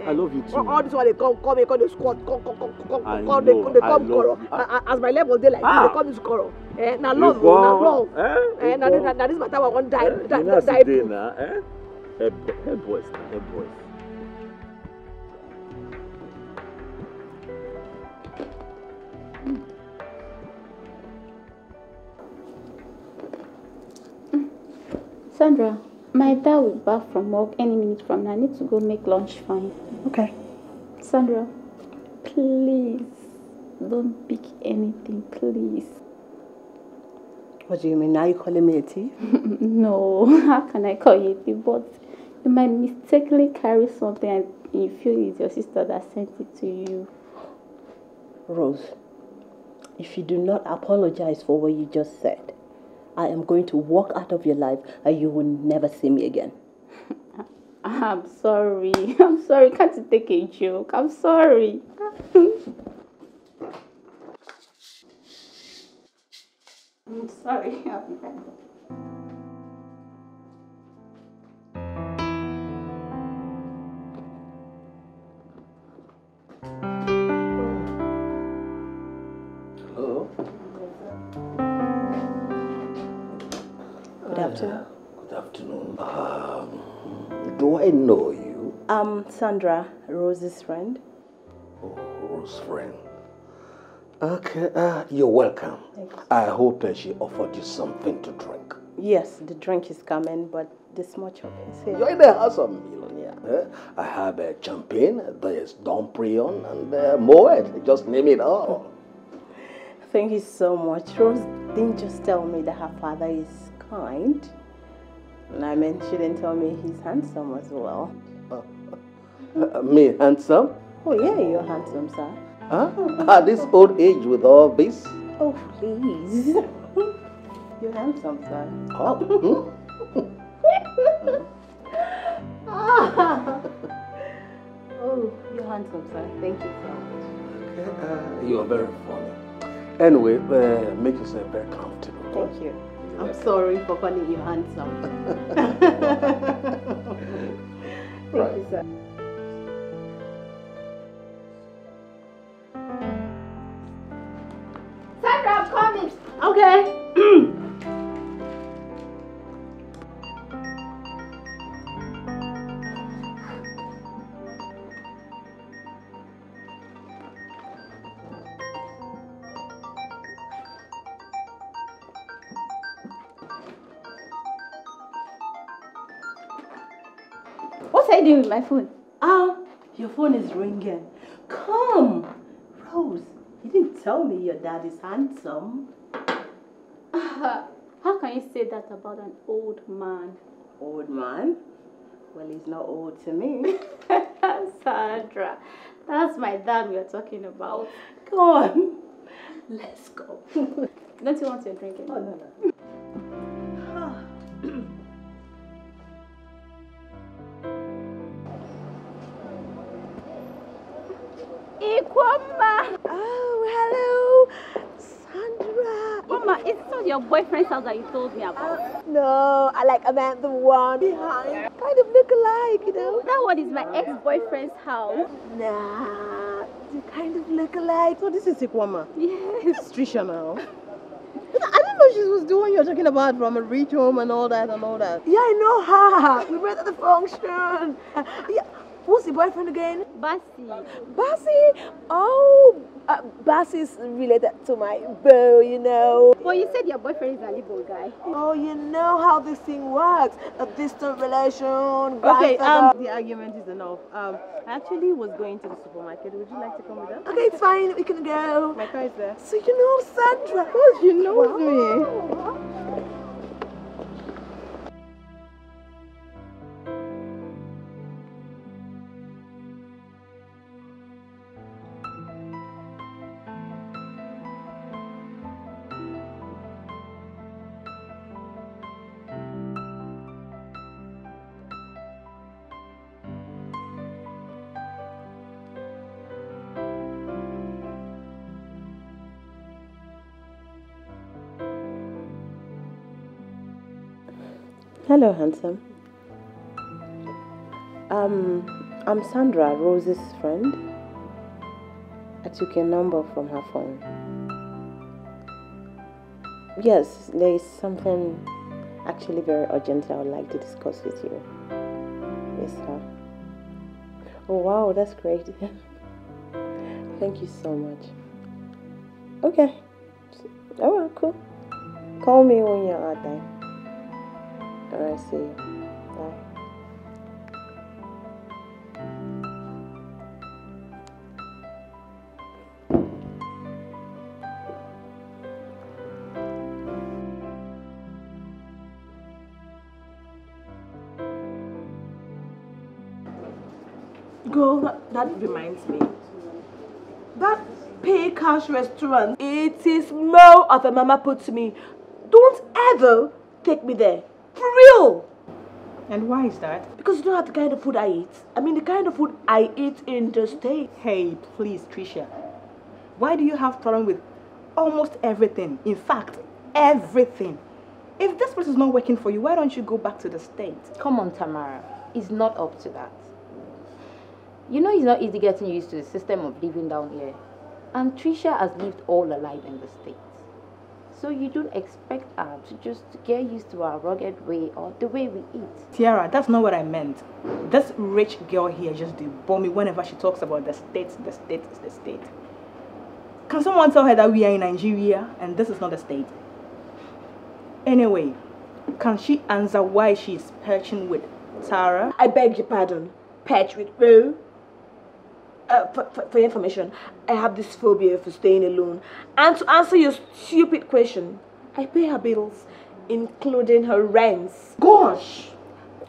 I love you too. All, this one they come, come, they come, they squat, come, come, come, come, come, come, they, they come, koro. As my level they like ah. they come this koro. Eh, now love, oh, now love. Eh, eh na, this matter I wan die, die, eh, die. You know as eh? Head boys, head boys. Sandra, my dad will be back from work any minute from now. I need to go make lunch for him. Okay. Sandra, please don't pick anything, please. What do you mean? Now you calling me a thief? (laughs) no, (laughs) how can I call you a thief? But you might mistakenly carry something and you feel it's your sister that sent it to you. Rose, if you do not apologize for what you just said, I am going to walk out of your life and you will never see me again. (laughs) I'm sorry. (laughs) I'm sorry. Can't you take a joke? I'm sorry. (laughs) I'm sorry. Good afternoon. Um, do I know you? I'm um, Sandra, Rose's friend. Oh, Rose's friend. Okay, uh, you're welcome. Thanks. I hope that she offered you something to drink. Yes, the drink is coming, but this much of it is here. You're in the house of millionaire. Eh? I have a champagne, there's Domprion, and uh, Moet. Just name it all. (laughs) Thank you so much. Rose didn't just tell me that her father is kind. And I mean, she didn't tell me he's handsome as well. Uh, (laughs) uh, me handsome? Oh yeah, you're handsome, sir. Huh? Ah, at this old age with all this? Oh please. (laughs) you're handsome, sir. Oh. Hmm? (laughs) oh, you're handsome, sir. Thank you so much. Uh, you are very funny. Anyway, uh, make yourself very comfortable. Thank you. I'm sorry for calling you handsome. (laughs) (laughs) Thank right. you, sir. my phone. Ah, your phone is ringing. Come, Rose. You didn't tell me your dad is handsome. Ah, how can you say that about an old man? Old man? Well, he's not old to me. (laughs) Sandra, that's my dad we are talking about. Come on, let's go. (laughs) Don't you want to drink it? Oh, no, no. your boyfriend's house that you told me about? Uh, no, I like I meant the one behind. Kind of look alike, you know. That one is my ex-boyfriend's house. Nah, you kind of look alike. So this is Ikwama. Yeah. It's Trisha now. I didn't know she was doing you're talking about from a rich home and all that and all that. Yeah, I know her. We were at the function. Yeah, Who's the boyfriend again? Basi. Basi? Oh, uh, is related to my beau, you know. Well, you said your boyfriend is a Libo guy. Oh, you know how this thing works. A distant relation. Okay, um, the argument is enough. Um, I actually was going to the supermarket. Would you like to come with us? Okay, it's fine. We can go. My car is there. So you know Sandra. Of you know wow. me. Wow. Hello, handsome. Um, I'm Sandra, Rose's friend. I took your number from her phone. Yes, there is something actually very urgent I would like to discuss with you. Yes, sir. Oh, wow, that's great. (laughs) Thank you so much. Okay. All right, cool. Call me when you're out there. I see. Sea, Girl, that, that reminds me. That pay cash restaurant, it is more of a mama put to me. Don't ever take me there. Real! And why is that? Because you know the kind of food I eat. I mean the kind of food I eat in the state. Hey, please, Trisha. Why do you have problem with almost everything? In fact, everything. If this place is not working for you, why don't you go back to the state? Come on, Tamara. It's not up to that. You know it's not easy getting used to the system of living down here. And Trisha has lived all her life in the state. So you don't expect us to just get used to our rugged way or the way we eat. Tiara, that's not what I meant. This rich girl here just bomb me whenever she talks about the state, the state is the state. Can someone tell her that we are in Nigeria and this is not the state? Anyway, can she answer why she is perching with Tara? I beg your pardon. Perch with who? Uh, for, for, information, I have this phobia for staying alone. And to answer your stupid question, I pay her bills, including her rents. Gosh!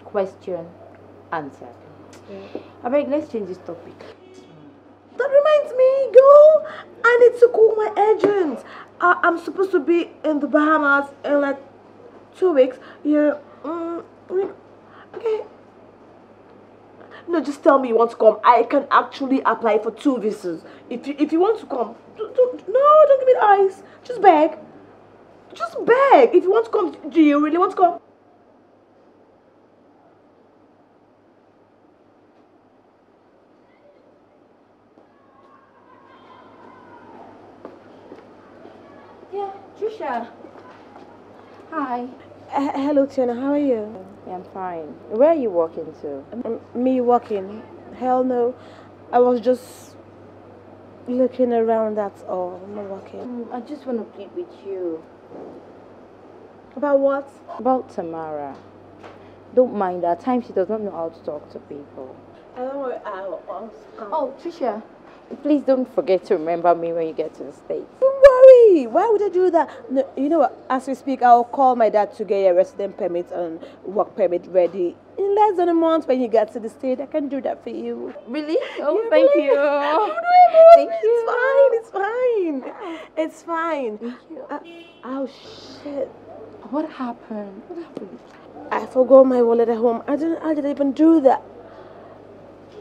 Question answered. Yeah. let's change this topic. That reminds me, girl, I need to call my agent. I'm supposed to be in the Bahamas in like two weeks. Yeah. Mm, okay. No, just tell me you want to come. I can actually apply for two visas. If you, if you want to come, do, do, no, don't give me the eyes. Just beg. Just beg. If you want to come, do you really want to come? Yeah, Trisha. Hi. Uh, hello, Tiana. How are you? Yeah, I'm fine. Where are you walking to? me walking? Hell no. I was just looking around, that's all. I'm not walking. Mm, I just want to plead with you. About what? About Tamara. Don't mind her. At times she does not know how to talk to people. I don't know how. Oh, Trisha please don't forget to remember me when you get to the States. Don't worry. Why would I do that? No, you know, as we speak, I'll call my dad to get a resident permit and work permit ready. In less than a month when you get to the state, I can do that for you. Really? Oh, yeah, thank really? you. (laughs) Oh, thank it's you. Fine. It's fine. It's fine. Thank you. Uh, oh, shit. What happened? What happened? I forgot my wallet at home. I didn't, I didn't even do that.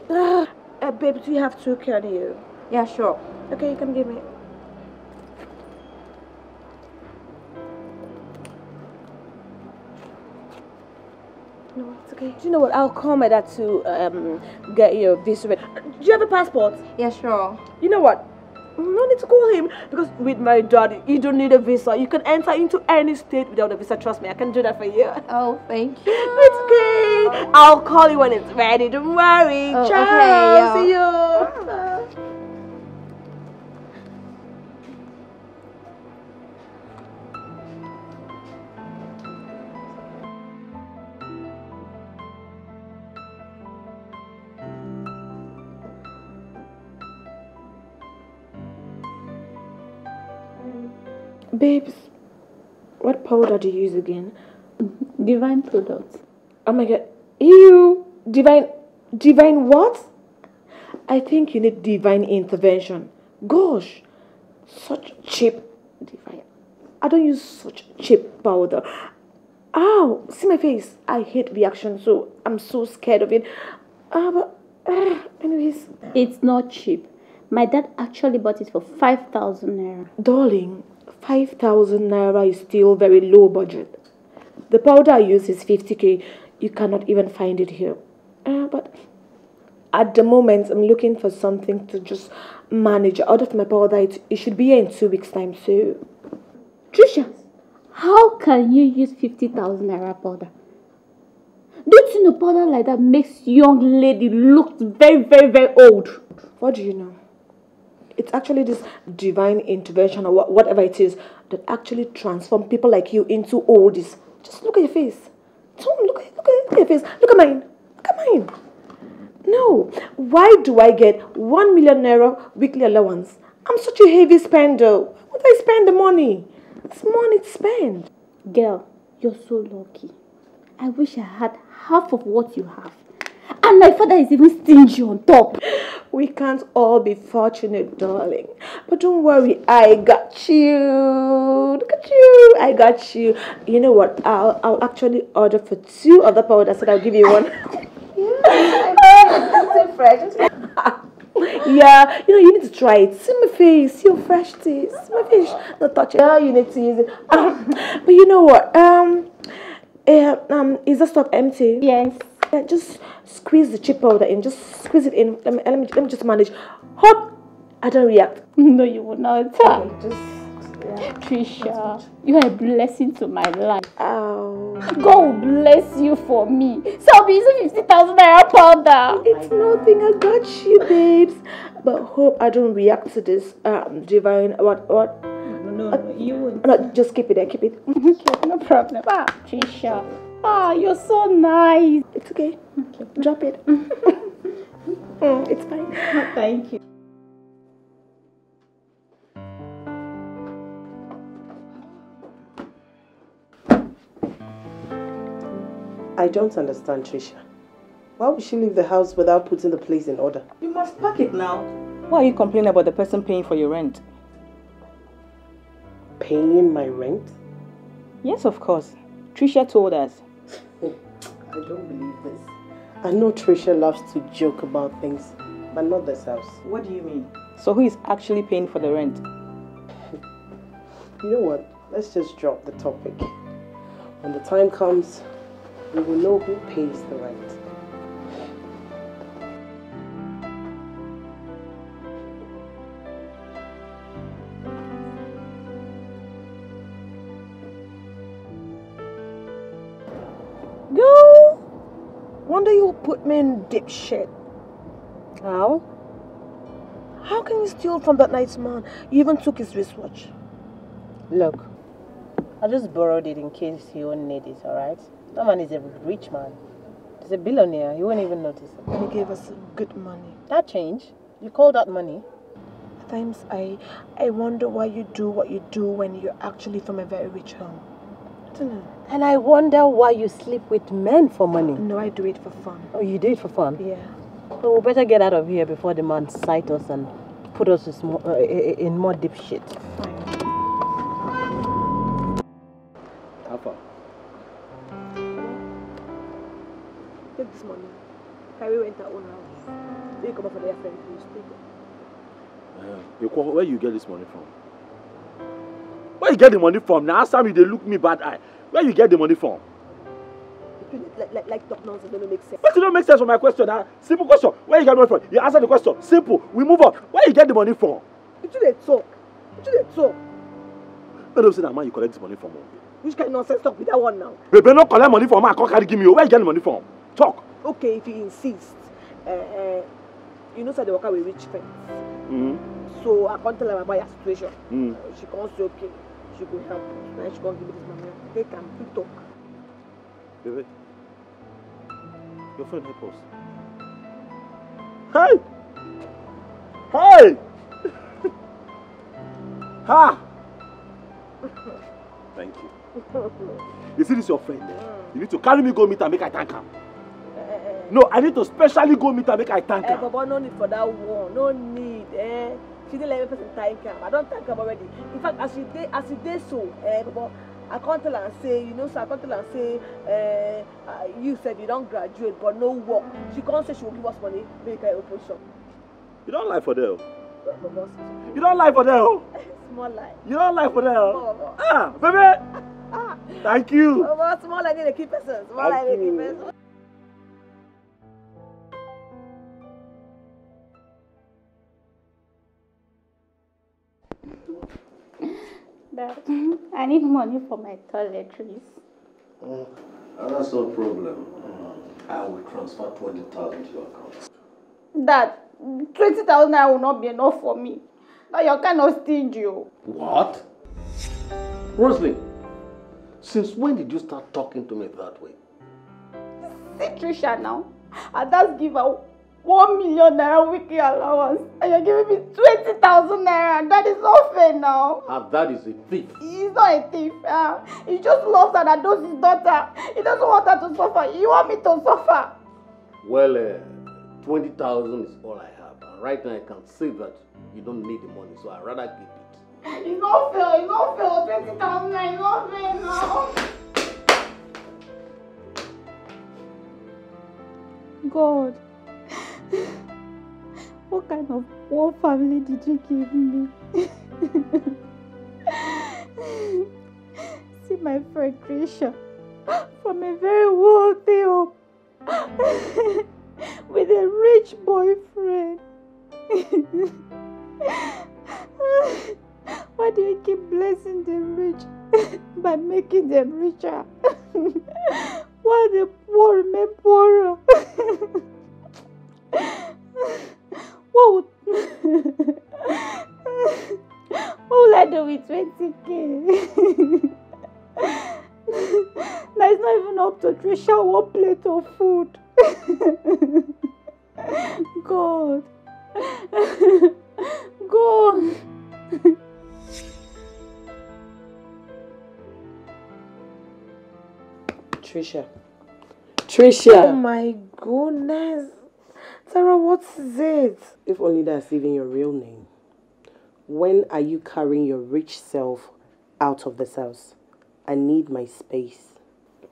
Uh, uh, babe, do you have two can you? Yeah, sure. Okay, you can give me. No, it's okay. Do you know what? I'll call my dad to um, get your visa. Uh, do you have a passport? Yeah, sure. You know what? No need to call him because with my dad, you don't need a visa. You can enter into any state without a visa. Trust me, I can do that for you. Oh, thank you. (laughs) it's okay. I'll call you when it's ready. Don't worry. Oh, Ciao. Okay, See you. Babes, what powder do you use again? Divine products. Oh my god, you divine, divine what? I think you need divine intervention. Gosh, such cheap divine. I don't use such cheap powder. Ow, see my face. I hate reaction, so I'm so scared of it. Uh, but, uh, (sighs) anyways. It's not cheap. My dad actually bought it for 5,000 naira. Darling, 5,000 naira is still very low budget. The powder I use is 50k, you cannot even find it here. Uh, but at the moment, I'm looking for something to just manage out of my power that it, it should be here in two weeks' time. So, Trisha, how can you use 50,000 naira powder? Don't you know powder like that makes young lady look very, very, very old? What do you know? It's actually this divine intervention or whatever it is that actually transforms people like you into oldies. Just look at your face. Look at, look look at your face. Look at mine. Look at mine. No. Why do I get one million naira weekly allowance? I'm such a heavy spender. What do I spend the money? It's money to spend. Girl, you're so lucky. I wish I had half of what you have. And my father is even stingy on top. We can't all be fortunate, darling. But don't worry, I got you. Look at you. I got you. You know what? I'll, I'll actually order for two of the powder so I'll give you one. yeah, (laughs) (laughs) yeah, you know, you need to try it. See my face, see your fresh taste, see my face. Not touch it. Yeah, you need to use it. Um, (laughs) but you know what? Um, uh, um, is the stop empty? Yes. Yeah, just squeeze the chip powder in. Just squeeze it in. Let me, let me, let me just manage. Hop! I don't react. (laughs) no, you will not. Okay, just... Yeah. Trisha, you are a blessing to my life. Oh. God will bless you for me. So I'll be using 50,000 naira powder. It's nothing. I got you, babes. But hope I don't react to this um, divine. What? What? No, no, no you won't. No, just keep it there. Keep it. (laughs) okay, no problem. Ah, Trisha. Ah, you're so nice. It's okay. Okay. Drop it. (laughs) oh, it's fine. (laughs) thank you. I don't understand, Trisha. Why would she leave the house without putting the place in order? You must pack it now. Why are you complaining about the person paying for your rent? Paying my rent? Yes, of course. Trisha told us I don't believe this. I know Trisha loves to joke about things, but not this house. What do you mean? So who is actually paying for the rent? you know what? Let's just drop the topic. When the time comes, we will know who pays the rent. mean, dipshit. How? How can you steal from that nice man? You even took his wristwatch. Look, I just borrowed it in case you won't need it, alright? That man is a rich man. He's a billionaire. He won't even notice it. And he gave us good money. That change? You call that money? At times I, I wonder why you do what you do when you're actually from a very rich home. And I wonder why you sleep with men for money. No, I do it for fun. Oh, you do it for fun? Yeah. So we better get out of here before the man sight us and put us in uh, more, deep shit. Fine. Take this money. Carrie went to her own house. They come up for their friend. You Uh, where you get this money from? where you get the money from Now, answer me dey look me bad eye where you get the money from. like like like talk nonsense don't make sense. wetin don't make sense for my question na ah? simple question where you get the money from you answer the question simple we move on where you get the money from. you too dey talk you too dey talk. no know say that man you collect the money from o. which kind of nonsense talk be that one now. bebe no collect money from man come carry give me where you get the money from talk. okay if you insist uh, eh, uh, eh, you know say i dey waka with rich friends. Mm -hmm. so i can't tell am about your situation. Mm. Uh, she can't say okay she go help me na she go give me this money take am quick talk. baby your friend help us. hey hey ha thank you you see this your friend eh you need to carry me go meet and make i thank him. Eh, eh, eh. no i need to specially go meet and make i thank am. Eh, bobo no need for that one no need. Eh? she didn't let every person thank am i don't thank am already in fact as she dey as she dey so eh but i can't tell and say you know so i can't tell and say eh uh, you said you don't graduate but no work she can't say she will give us money make her carry open shop. you don't lie for there oh. o. you don't lie for there oh. (laughs) small lie. you don't lie for there o. Oh. ah baby. (laughs) thank you. small lie dey keep person small lie dey keep person. (laughs) I need money for my toiletries. Oh, that's no problem. Um, I will transfer 20,000 to your account. Dad, 20,000 will not be enough for me. Now you cannot stingy. What? Rosalind, since when did you start talking to me that way? See Trisha now. And that's give out one million naira weekly allowance and you're giving me twenty thousand naira that is not fair now. and that is a thief. he's not a thief uh, he just loves her and adores his daughter he doesn't want her to suffer he want me to suffer. well uh, twenty thousand is all i have and right now i can say that you don't need the money so i rather give it. it's not fair it's not fair twenty thousand naira it's not fair now. God. (laughs) what kind of poor family did you give me? (laughs) See my friend Grisha, (gasps) from a very wealthy home (laughs) with a rich boyfriend. Why do you keep blessing the rich by making them richer? Why the poor remain poorer? what would what will I do with 20k? now it's not even up to Trisha one plate of food. God. God. Trisha. Trisha. Oh my goodness. Tara, what is it? If only that's even your real name. When are you carrying your rich self out of this house? I need my space.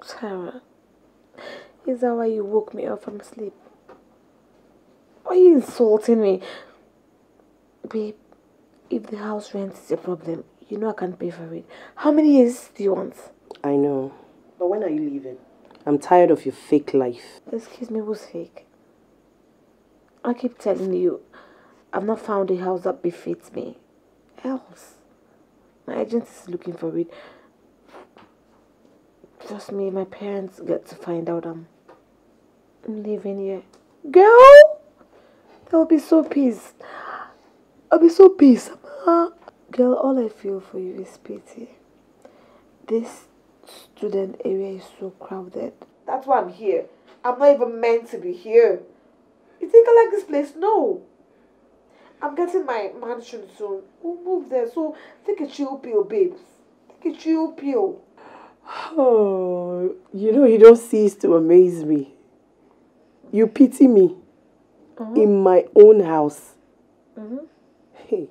Tara, is that why you woke me up from sleep? Why are you insulting me? Babe, if the house rent is a problem, you know I can't pay for it. How many years do you want? I know. But when are you leaving? I'm tired of your fake life. Excuse me, who's fake? I keep telling you, I've not found a house that befits me. Else, my agent is looking for it. Trust me, my parents get to find out I'm living here. Girl! That will be so pissed. I'll be so pissed. Girl, all I feel for you is pity. This student area is so crowded. That's why I'm here. I'm not even meant to be here. You think I like this place? No. I'm getting my mansion soon. We'll move there. So take a chill pill, babes. Take a chill pill. Oh, (sighs) you know, you don't cease to amaze me. You pity me uh -huh. in my own house. Mm-hmm. Hey,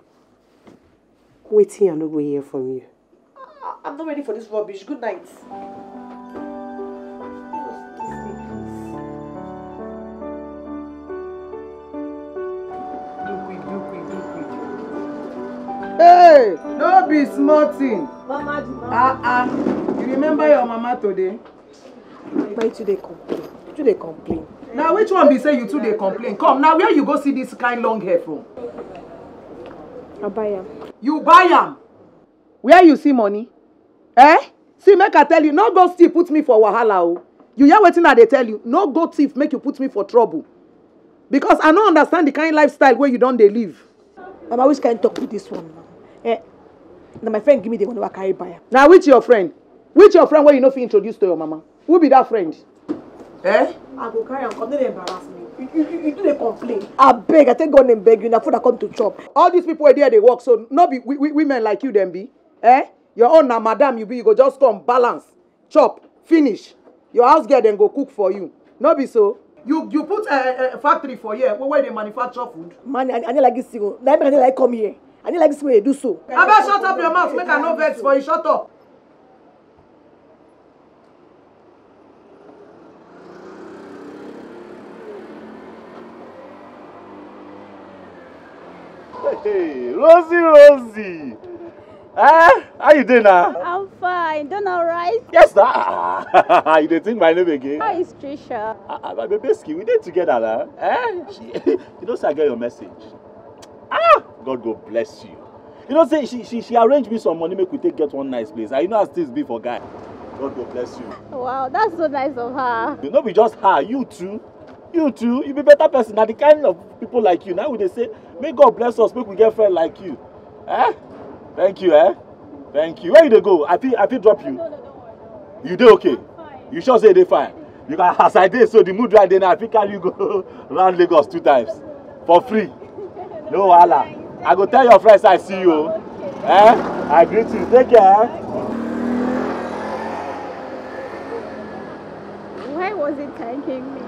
waiting, I'm not going to hear from you. Ah, I'm not ready for this rubbish. Good night. no be small thing. Mama, ah ah, you remember your mama today? Why you dey complain? Today complain. Now which one be say you today complain? Come, now where you go see this kind long hair from? I buy him. You buy him? Where you see money? Eh? See, make I tell you, no go still put me for wahala o. Oh. You hear wetin I dey tell you? No go thief make you put me for trouble. Because I no understand the kind lifestyle where you don't they live. Mama, which kind talk be this one now? eh na my friend give me the money wey i carry buy Now which your friend which your friend where you no fit introduce to your mama who be that friend. Eh? i go carry and come no embarrass me you you you dey complain. abeg i take god and beg you Now food i come to chop. all these people are there they work so no be we, we, women like you then be eh your own now madam you be you go just come balance chop finish your house girl then go cook for you Not be so. you you put a uh, eh, eh, eh, factory for here Where they manufacture food. man i no like this. thing o oh. na like come here i no like this way you do so. abeg shut up your mouth make i no vex for you shut up. Hey, Rosie, Rosie. Ah, how you doing now? Ah? I'm fine. Doing all right? Yes, ah. (laughs) you didn't think my name again. How is Trisha? Ah, my ah, baby, we did together now. Ah. Eh? She, (laughs) you know, so I get your message. Ah! god go bless you you know say she she she arranged me some money make we take get one nice place I you know as things be for guy god go bless you. wow that's so nice of her. You know, be just her you too you too you be better person na the kind of people like you Now we they say may god bless us make we get friend like you eh thank you eh thank you where you dey go i fit i fit drop you no, no, no, no, no. you do okay you sure say they fine you can as i dey so the mood right i now i fit carry you go (laughs) round lagos two times for free (laughs) no wahala. I go tell your friends I see you. Eh? I greet you. Take care. Why was it thanking me?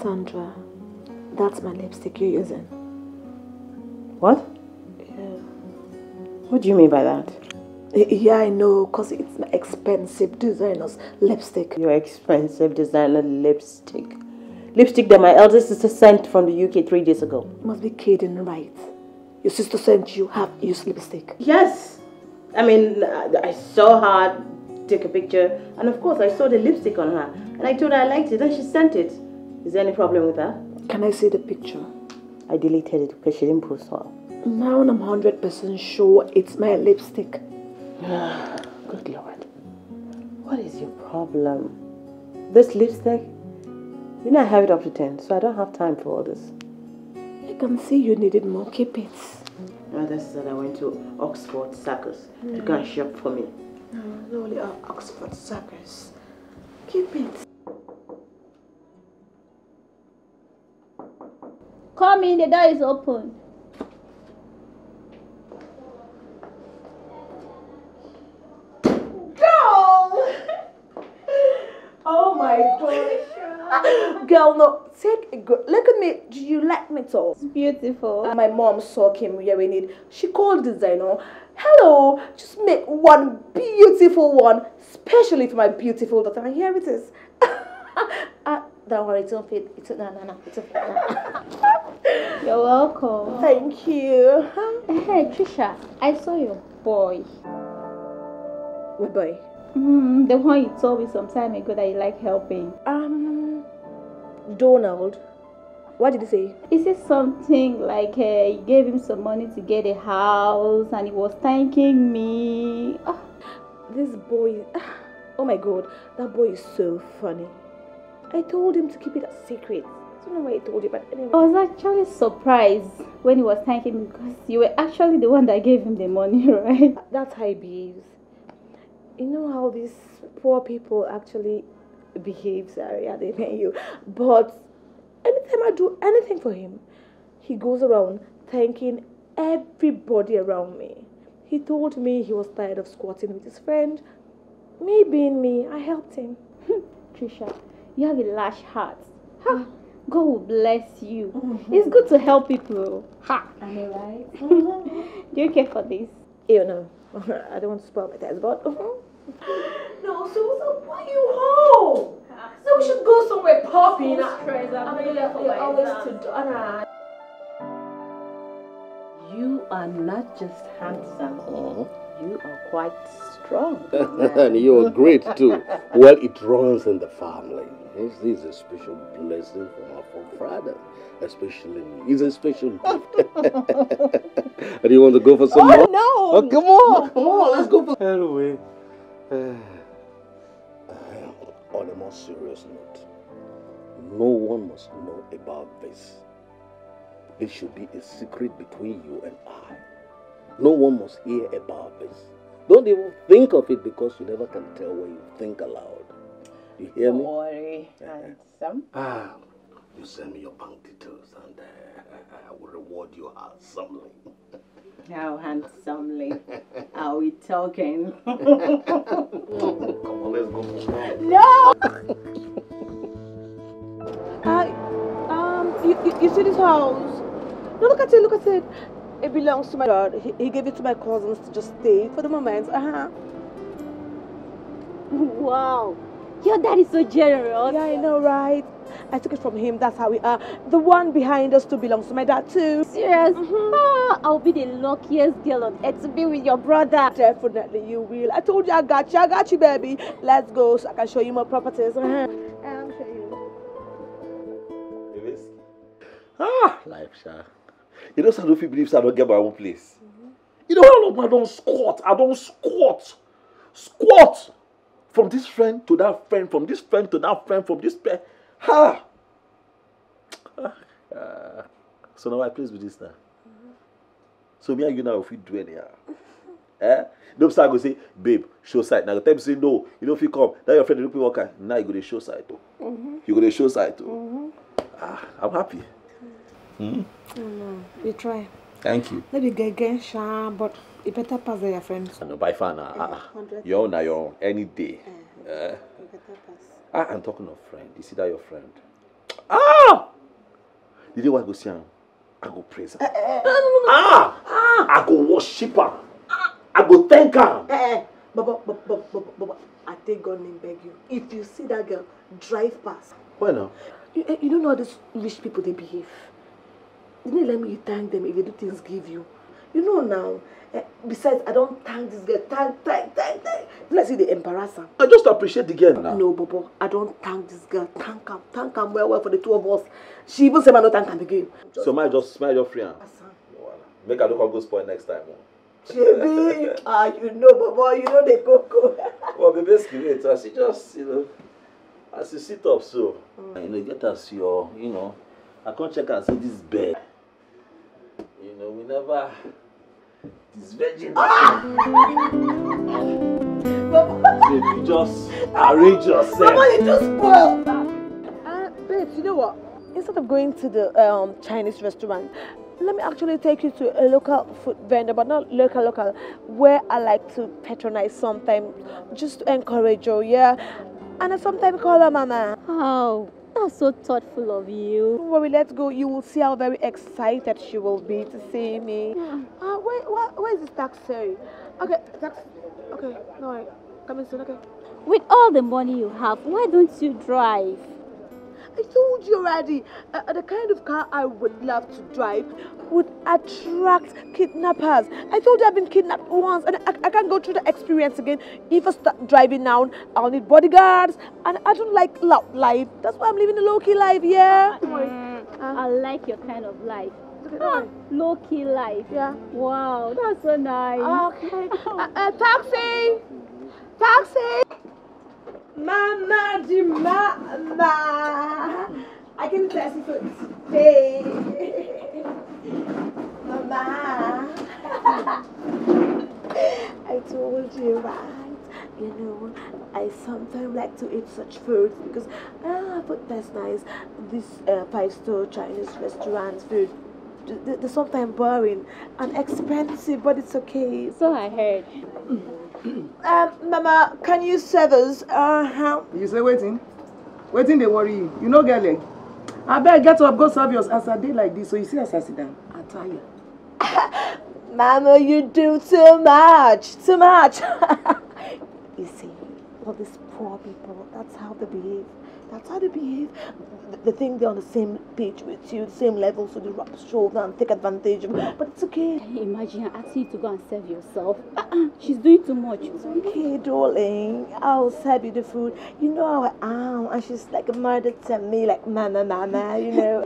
Sandra, that's my lipstick you're using. What? Yeah. What do you mean by that? Yeah, I know, because it's expensive designer's lipstick. Your expensive designer lipstick. Lipstick that my eldest sister sent from the UK three days ago. You must be kidding, right? Your sister sent you half used lipstick. Yes. I mean, I saw her take a picture, and of course, I saw the lipstick on her. And I told her I liked it, and she sent it. Is there any problem with that? Can I see the picture? I deleted it because she didn't post it. Now I'm 100% sure it's my lipstick. Good Lord. What is your problem? This lipstick? You know I have it up to 10, so I don't have time for all this. I can see you needed more. Keep it. My said I went to Oxford Circus You to go and mm. shop for me. No, no, only Oxford Circus. Keep it. Come in, the door is open. (laughs) oh my god. Girl, no, take a Look at me. Do you like me talk? It's beautiful. my mom saw Kim wearing in it. She called designer. Hello, just make one beautiful one, especially for my beautiful daughter. And here it is. uh, (laughs) don't worry, it don't fit. It's no, no, no. It's okay. No. (laughs) You're welcome. Thank you. Hey, Trisha, I saw your boy. My boy. Mm, the one you told me some time ago that you like helping. Um, Donald. What did he say? He said something like uh, he gave him some money to get a house and he was thanking me. Oh, this boy, (sighs) oh my god, that boy is so funny. I told him to keep it a secret. I don't know why I told you, but anyway. I was actually surprised when he was thanking me because you were actually the one that gave him the money, (laughs) right? That's how he behaves you know how these poor people actually behave, sorry, I didn't you. But anytime I do anything for him, he goes around thanking everybody around me. He told me he was tired of squatting with his friend. Me being me, I helped him. Hmm. Trisha, you have a large heart. Ha! Mm. God will bless you. Mm-hmm. It's good to help people. Ha! Am I right? (laughs) do you care for this? You know, (laughs) I don't want to spoil my test, but (laughs) no, Susan, why you home? No, we should go somewhere poppy. I'm always to Donna. You are not just handsome. Mm-hmm. You are quite strong. (laughs) and you are great too. well, it runs in the family. This is a special blessing from our father. especially me. It's a special (laughs) (laughs) Do you want to go for some oh, more? No! Oh, come on! Come on, let's go for... Anyway. Eh. On a more serious note, no one must know about this. This should be a secret between you and I. No one must hear about this. Don't even think of it because you never can tell when you think aloud. You hear Don't me? Don't worry, eh. handsome. Ah, you send me your bank details and uh, I will reward you handsomely. How handsomely (laughs) are we talking? (laughs) Come on, let's go. No! I, um, you, you, you, see this house? No, look at it, look at it. It belongs to my dad. He, he gave it to my cousins to just stay for the moment. Uh-huh. (laughs) Wow. Your dad is so generous. Yeah, I know, right? I took it from him. That's how we are. The one behind us too belongs to my dad too. Serious? Mm -hmm. I'll be the luckiest girl on earth to be with your brother. Definitely you will. I told you I got you. I got you, baby. Let's go so I can show you my properties. Mm-hmm. Uh-huh. I'll show you. Ah, life, sha. You know, Sanofi believes I don't get my own place. Mm-hmm. You know, all of I don't squat. I don't squat. Squat! From this friend to that friend, from this friend to that friend, from this friend. Ha! Uh, so now I place with this now. So me and you now if we do anyhow. Ah. eh? No star go say, babe, show side. Now the time say no, you know if you come, now your friend look walk out. Now you go to show side too. Oh. Mm-hmm. You go to show side too. Oh. Mm-hmm. Ah, I'm happy. Mm-hmm. Mm-hmm. You try. Thank you. Maybe again, sha, but it better pass than your friends. No, by far now. Nah. Yeah, uh, your own, your own, any day. Uh, uh, better pass ah i'm talking of friend you see that your friend ah You day what i go see i go praise am eh, eh, eh. ah, ah Ah! i go worship am i go thank am. baba baba baba baba i take god name beg you if you see that girl drive past. why na. you you don't know how these rich people they behave. you no let me thank them if they do things give you you know now eh, besides i don't thank this girl thank thank thank thank Let's see the embarrass i just appreciate the girl now. no bobo i don't thank this girl thank her. thank her well well for the two of us she even said, "I don't thank am again. so may just smile i just free am. make i no come go spoil next time. Oh. (laughs) ah you know bobo you know the koko. (laughs) well baby, babeski wait as you just you know as you sit up so. Mm. you know get us your you know i can't check am say this bed. never. This virgin. Babe, you just arrange yourself. Eh? Mama, you just that. Uh, babe, you know what? Instead of going to the um, Chinese restaurant, let me actually take you to a local food vendor, but not local, local, where I like to patronize sometimes, just to encourage you, yeah? And I sometimes call her mama. Oh, that's so thoughtful of you. Don't worry, let's go. You will see how very excited she will be to see me. Yeah. Hmm. Uh, where, where is this taxi? Okay, taxi. Okay, no Coming soon, okay? With all the money you have, why don't you drive? I told you already, uh, the kind of car I would love to drive would attract kidnappers. I told you I've been kidnapped once and I, I can't go through the experience again. If I start driving now, I'll need bodyguards and I don't like loud life. That's why I'm living a low-key life, yeah? Mm, I like your kind of life. Ah, low key life. Yeah. Wow, that's so nice. Okay. (laughs) uh, uh, taxi! Taxi! Mama, di mama. I can classify. Babe. Mama. (laughs) I told you, right? You know, I sometimes like to eat such food because, ah, but that's nice. This uh, five-star Chinese restaurant food they're the sometimes boring and expensive, but it's okay. So I heard. (coughs) um, Mama, can you serve us? Uh huh. You say waiting? Waiting, they worry you. You know, girl. Eh? I abeg get up go serve yours as i dey like this so you see as i sit down i tire. (laughs) Mama, you do too much, too much. (laughs) you see, all these poor people, that's how they behave. That's how they behave. They think they're on the same page with you, the same level, so they rub shoulder and take advantage of But it's okay. imagine her asking you to go and serve yourself? Uh -uh, she's doing too much. It's okay, darling. I'll serve you the food. You know how I am. And she's like murdered to me, like mama, mama, you know.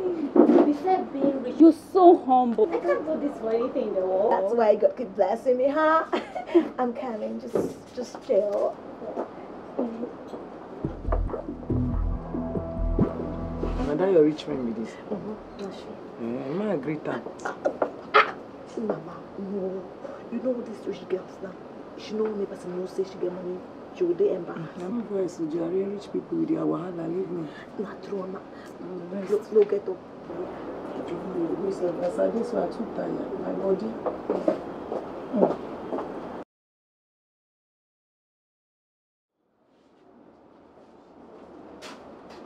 Besides (laughs) being rich, you're so humble. I can't do this for anything in the world. That's why got keep blessing me, huh? (laughs) I'm coming. Just, just chill. (laughs) na that your rich man be this. ẹ má agree tam. see mama no you know these rich girls now she know me person know say she get money she go dey embarrassed. na my voice o rich people with their wahala leave me. Not true ma no no get up. as i dey so i too tired my body.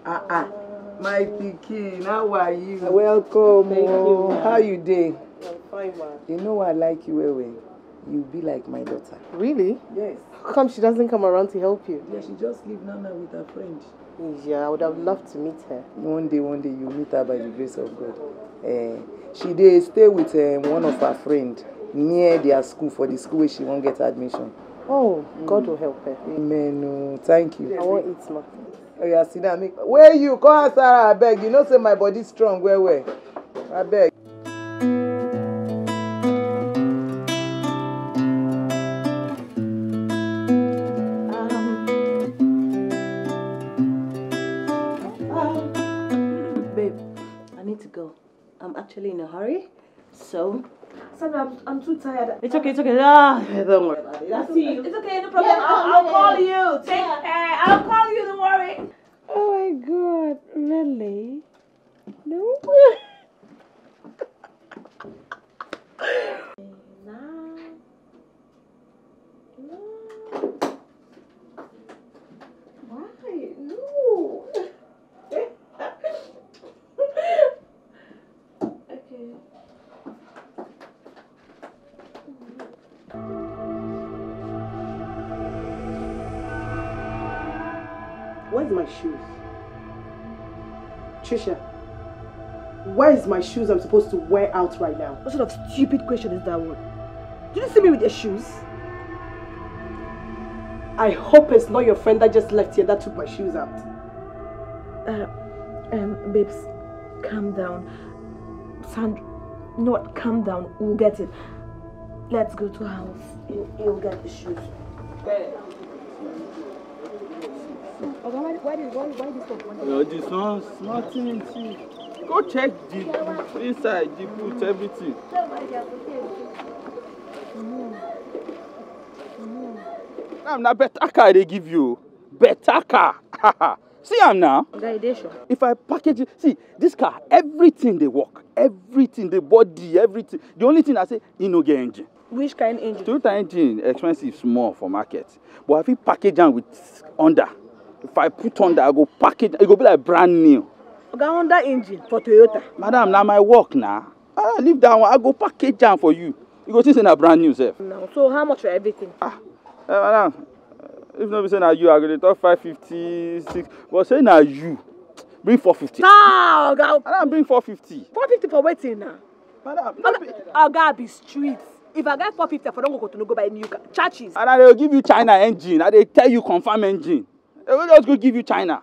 ah ah my pikin how are you. welcome o oh, how you dey. i'm fine ma. you know i like you well well you be like my daughter. really. yes. how come she doesn't come around to help you. yeah she just leave Nana with her friend. yeah i would have loved to meet her. one day one day you meet her by the grace of god. Uh, she dey stay with uh, one of her friend near their school for the school wey she wan get admission. Oh, mm. God will help her. Amen. Oh, thank you. I want eat more. Oh, yeah, see that make. Where you Come on, Sarah? I beg. You know, say my body's strong. Where, where? I beg. Um, um, babe, I need to go. I'm actually in a hurry, so Sandra, I'm, I'm too tired. It's okay, it's okay. Ah, don't worry about it. I'll see you. It's okay, no problem. Yeah, I'll, I'll call you. Take yeah. care. I'll call you, don't worry. Oh my god, really? No? (laughs) Where's my shoes? Trisha, where is my shoes I'm supposed to wear out right now? What sort of stupid question is that one? You didn't see me with your shoes. I hope it's not your friend that just left here that took my shoes out. Uh, um, babes, calm down. Sandra, not calm down. We'll get it. Let's go to house. You, will get the shoes. There. medicine. Okay, why, why, did, why, why this one? No, this one, Go check the inside, the put everything. Now, now better car they give you. Better car. (laughs) see am now. If I package it, see this car, everything they work, everything dey body, everything. The only thing I say, you no get engine. Which kind engine? Toyota engine expensive small for market, but I fit package am with under if i put on that i go pack it It go be like brand new. oga honda engine for toyota. madam now my work na i ah, leave that one i go pack it down for you you go think say na brand new sir. no so how much for everything. ah eh, madam eh, if no be say na you i go dey talk five fifty six but say now you bring four fifty. taa oga. madam bring four fifty. four fifty for wetin now? madam no be. oga be street if i get four fifty i for don go no go buy new car charges. and i dey give you china engine i dey tell you confirm engine. Eh, we just go give you china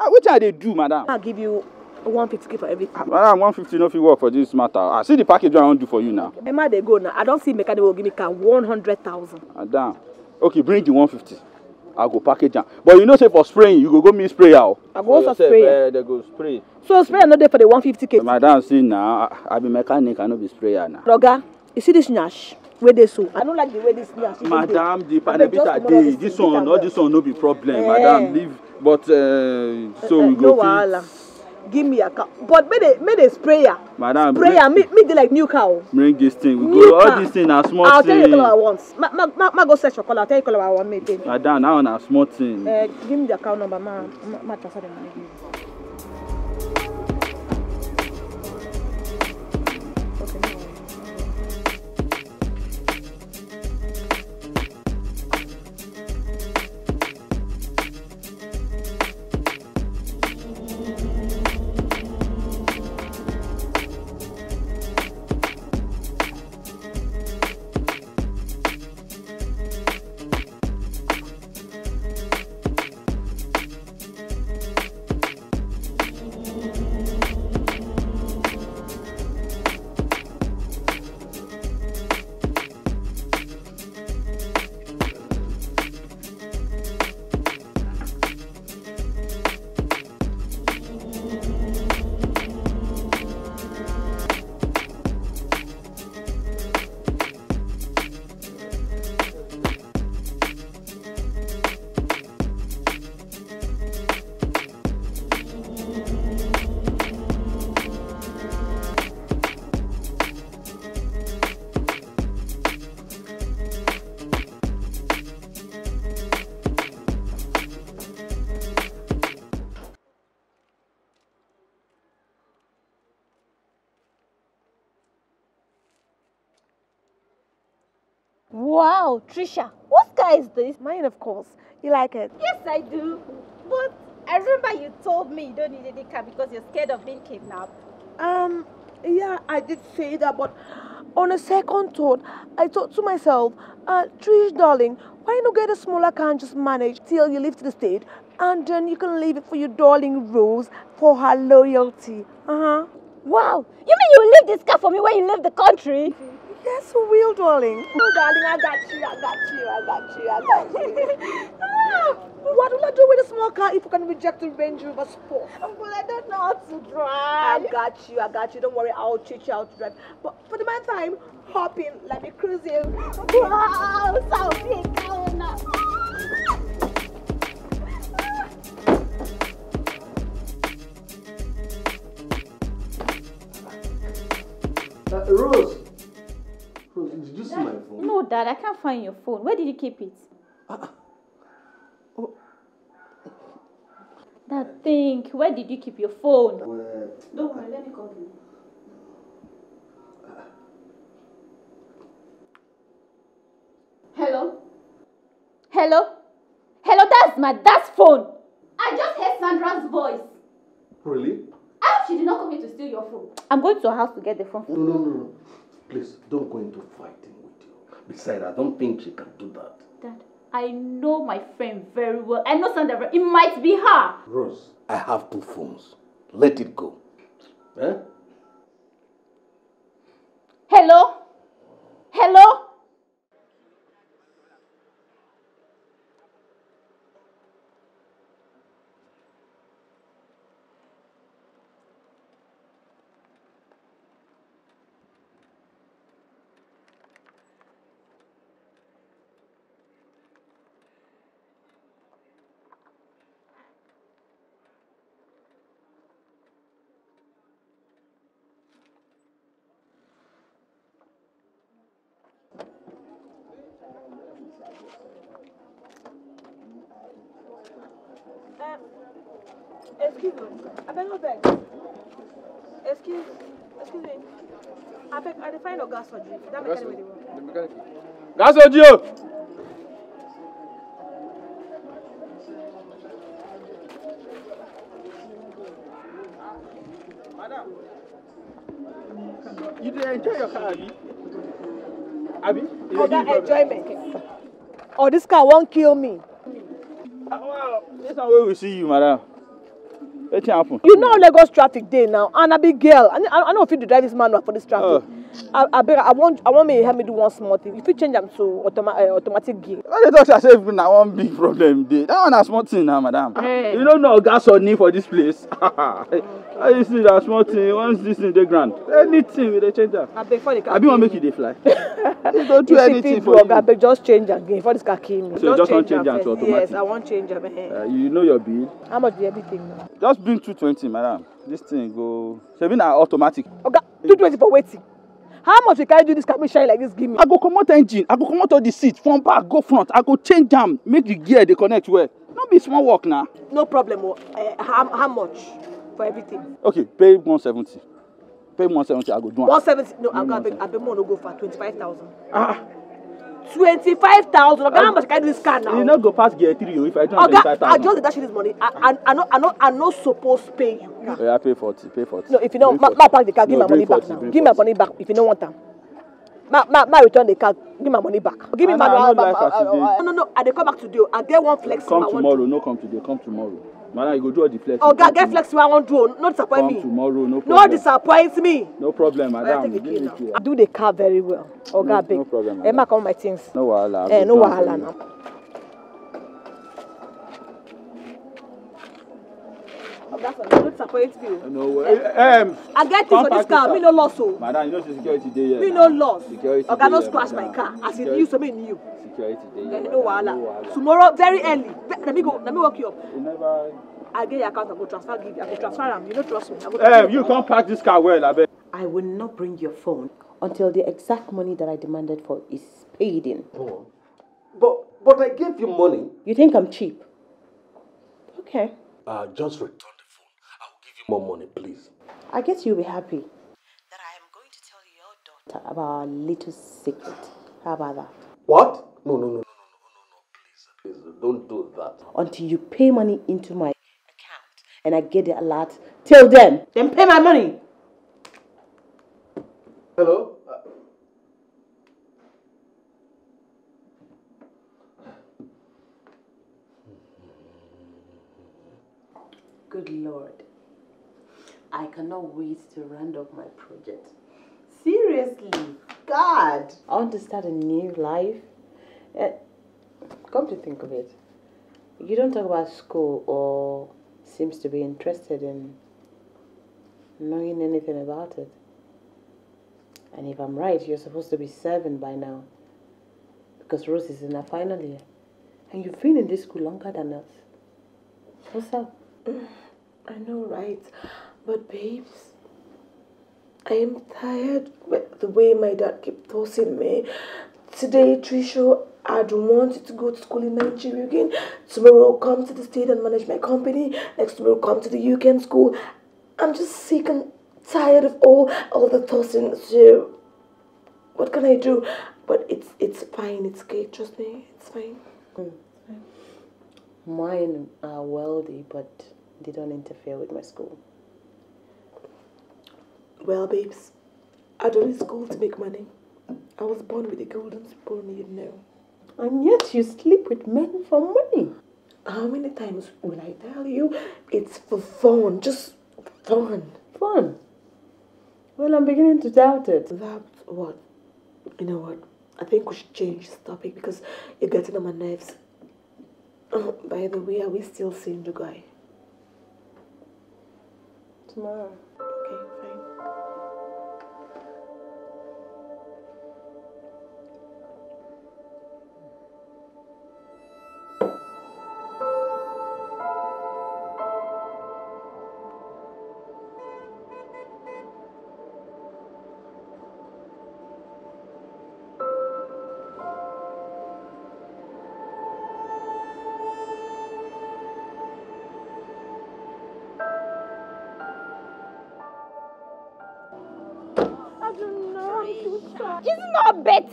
ah wetin i dey do madam. i give you one fifty for everything. madam one fifty no fit work for this matter i see the package wey i wan do for you now. emma they go now i don't see mechanic will give me car one hundred thousand. madam okay bring the one fifty i go package am but you know say for spraying you go go me spray out. i go also spray am. Eh, they go spray. so spray another for the one fifty kg. madam see now. i be mechanic i no be sprayer now. Roger, you see this nash wey dey so i no like the way this thing as you dey madam the panel bitter dey this one all this one no be problem eh. madam leave but uh, so we eh, eh, go no wahala give me account but make they make they spray am madam spray am make make dey like new cow bring this thing we new go cow. all this thing are small I'll tell you the colour i ma ma ma, ma go search your colour I'll tell you the colour i wan make madam now on a small thing uh, give me the account number ma ma transfer the money Trisha, what car is this? Mine, of course. You like it? Yes, I do. But I remember you told me you don't need any car because you're scared of being kidnapped. Um, yeah, I did say that, but on a second thought, I thought to myself, uh, Trish, darling, why not get a smaller car and just manage till you leave to the state, and then you can leave it for your darling Rose for her loyalty. Uh huh. Wow, you mean you will leave this car for me when you leave the country? Mm-hmm. That's so real, darling. (laughs) Oh, darling, I got you, I got you, I got you, I got you. (laughs) Ah, what will I do with a small car if you can reject the Range Rover Sport? But I don't know how to drive. I got you, I got you. Don't worry, I'll teach you how to drive. But for the meantime, hop in, let me cruise you. Wow, so big, going up. Uh, Rose, Dad, I can't find your phone. Where did you keep it? Uh, oh. Where did you keep your phone? Where? Don't worry, let me call you. Hello? Hello? Hello, that's my dad's phone. I just heard Sandra's voice. Really? I hope she did not come here to steal your phone. I'm going to her house to get the phone. No, no, no, no. Please, don't go into fighting. Besides, I don't think she can do that. Dad, I know my friend very well. I know Sandra. It might be her. Rose, I have two phones. Let it go. Eh? Hello? Hello? fẹ́ ẹ fẹ́ lọ gas surgery you! mechanic wey dey work. gas surgery o. Oh! You enjoy your car, Abi? Abi? Oga enjoyment. Oh, this car won't kill me. Ah, wow, this one where we see you, madam wetin happen. you know lagos traffic dey now and i be girl i, I, I no fit dey drive this manual for this traffic. Uh. abeg i want, i want make you help me do one small thing you fit change am to automa uh, automatic gear. why dey talk say na one big problem dey that one na small thing na madam. Hey. Eh. you no know oga sunni for this place. (laughs) how you see that small thing once this thing dey ground anything with dey change I be want make it they fly you (laughs) go do anything for you abeg just change again for this car came. so you just want change am to automatic yes i want change am eh. uh, you know your bill how much be everything now just bring two twenty madam this thing go be now automatic Okay. two twenty for waiting. how much you can do this cabin shine like this give me. i go come out engine i go come out all the seat from back go front i go change am make the gear they connect well no be small work now. no problem uh, how, how much for everything. Okay, pay one seventy. Pay one seventy, I go do am. One seventy, no, I'm go abeg pay more no go far, twenty-five thousand. Ah. twenty-five thousand oga ah, how much do this car now. you no go pass gear three oh, if i don't have twenty-five i just dey that shit. this money i i i no i no i no suppose pay you. oya yeah, pay forty pay forty. no if you no ma ma pack the car give no, my money 40, back now give my money back if you don't want am ma ma ma return the car give my money back give me my money back no no no i dey come back today o i get one flex. come tomorrow no come today come tomorrow. Madam, you go do all the flex. Oga, get flex you wan do. No disappoint Come me. tomorrow, no problem. No disappoint me. No problem, madam. I me Do the car very well. Oga, no, big. No problem, madam. Emma, come my things. No wahala. Eh, no wahala now. No way. Eh, eh, um, I get this for this car. Me no loss o. Oh. Madam, you know security dey Me no loss. Security Oga no scratch my car. As it used to be new. Security dey here. No wahala. Tomorrow very early. Let me go. Let me walk you up. You never. I get your account. I go transfer. Give. I go transfer am. You no trust me. I go. Um, you come park this car well, abeg. I will not bring your phone until the exact money that I demanded for is paid in. But but I gave you money. You think I'm cheap? Okay. Uh, just return. more money, please. I guess you'll be happy that I am going to tell your daughter about our little secret. How about that? What? No, no, no, no, no, no, no, please, please, don't do that. Until you pay money into my account and I get it a lot. till then, then pay my money. Hello? Good Lord. I cannot wait to round up my project. Seriously, God. I want to start a new life. Uh, come to think of it, you don't talk about school or seems to be interested in knowing anything about it. And if I'm right, you're supposed to be serving by now. Because Rose is in her final year. And you've been in this school longer than us. What's up? (sighs) I know, right? But babes, I am tired with the way my dad keep tossing me. Today, Trisha, I don't want you to go to school in Nigeria again. Tomorrow, I'll come to the state and manage my company. Next tomorrow, will come to the UK and school. I'm just sick and tired of all all the tossing. So, what can I do? But it's it's fine. It's okay. Trust me. It's fine. Mm. Mine are wealthy, but they don't interfere with my school. Well, babes, I don't need school to make money. I was born with a golden spoon, you know. And yet you sleep with men for money. How many times will I tell you it's for fun, just fun. Fun? Well, I'm beginning to doubt it. That's what? You know what? I think we should change this topic because you're getting on my nerves. Oh, by the way, are we still seeing the guy? Tomorrow.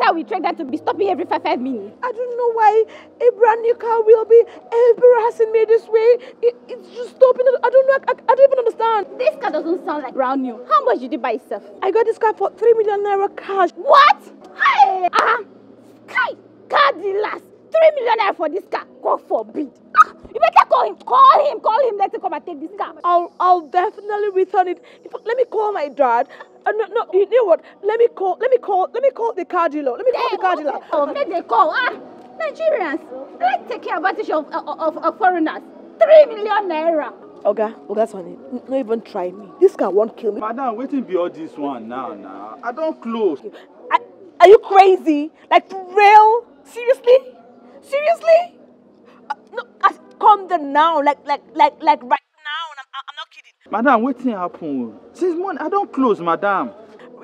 how we train them to be stopping every five, five minutes. I don't know why a brand new car will be embarrassing me this way. It, it's just stopping. I don't know. I, I, don't even understand. This car doesn't sound like brand new. How much did you buy yourself? I got this car for 3 million naira cash. What? Hey! Ah! Uh, Sky! Car last 3 million naira for this car. God forbid. Ah, you better call him. Call him. Call him. Let him come and take this car. I'll, I'll definitely return it. let me call my dad uh, no, no, you know what? Let me call, let me call, let me call the car dealer. Let me call the car dealer. Oh, make the call. Ah, Nigerians, let's take care about advantage of, uh, uh, of, of, foreigners. Three million naira. Oga, Oga Swani, not even try me. This guy won't kill me. Madam, waiting be all this one now, now. I don't close. I, are you crazy? Like, real? Seriously? Seriously? Uh, no, I, come down now, like, like, like, like, right. Madam, what thing happen? Since morning, I don't close, madam.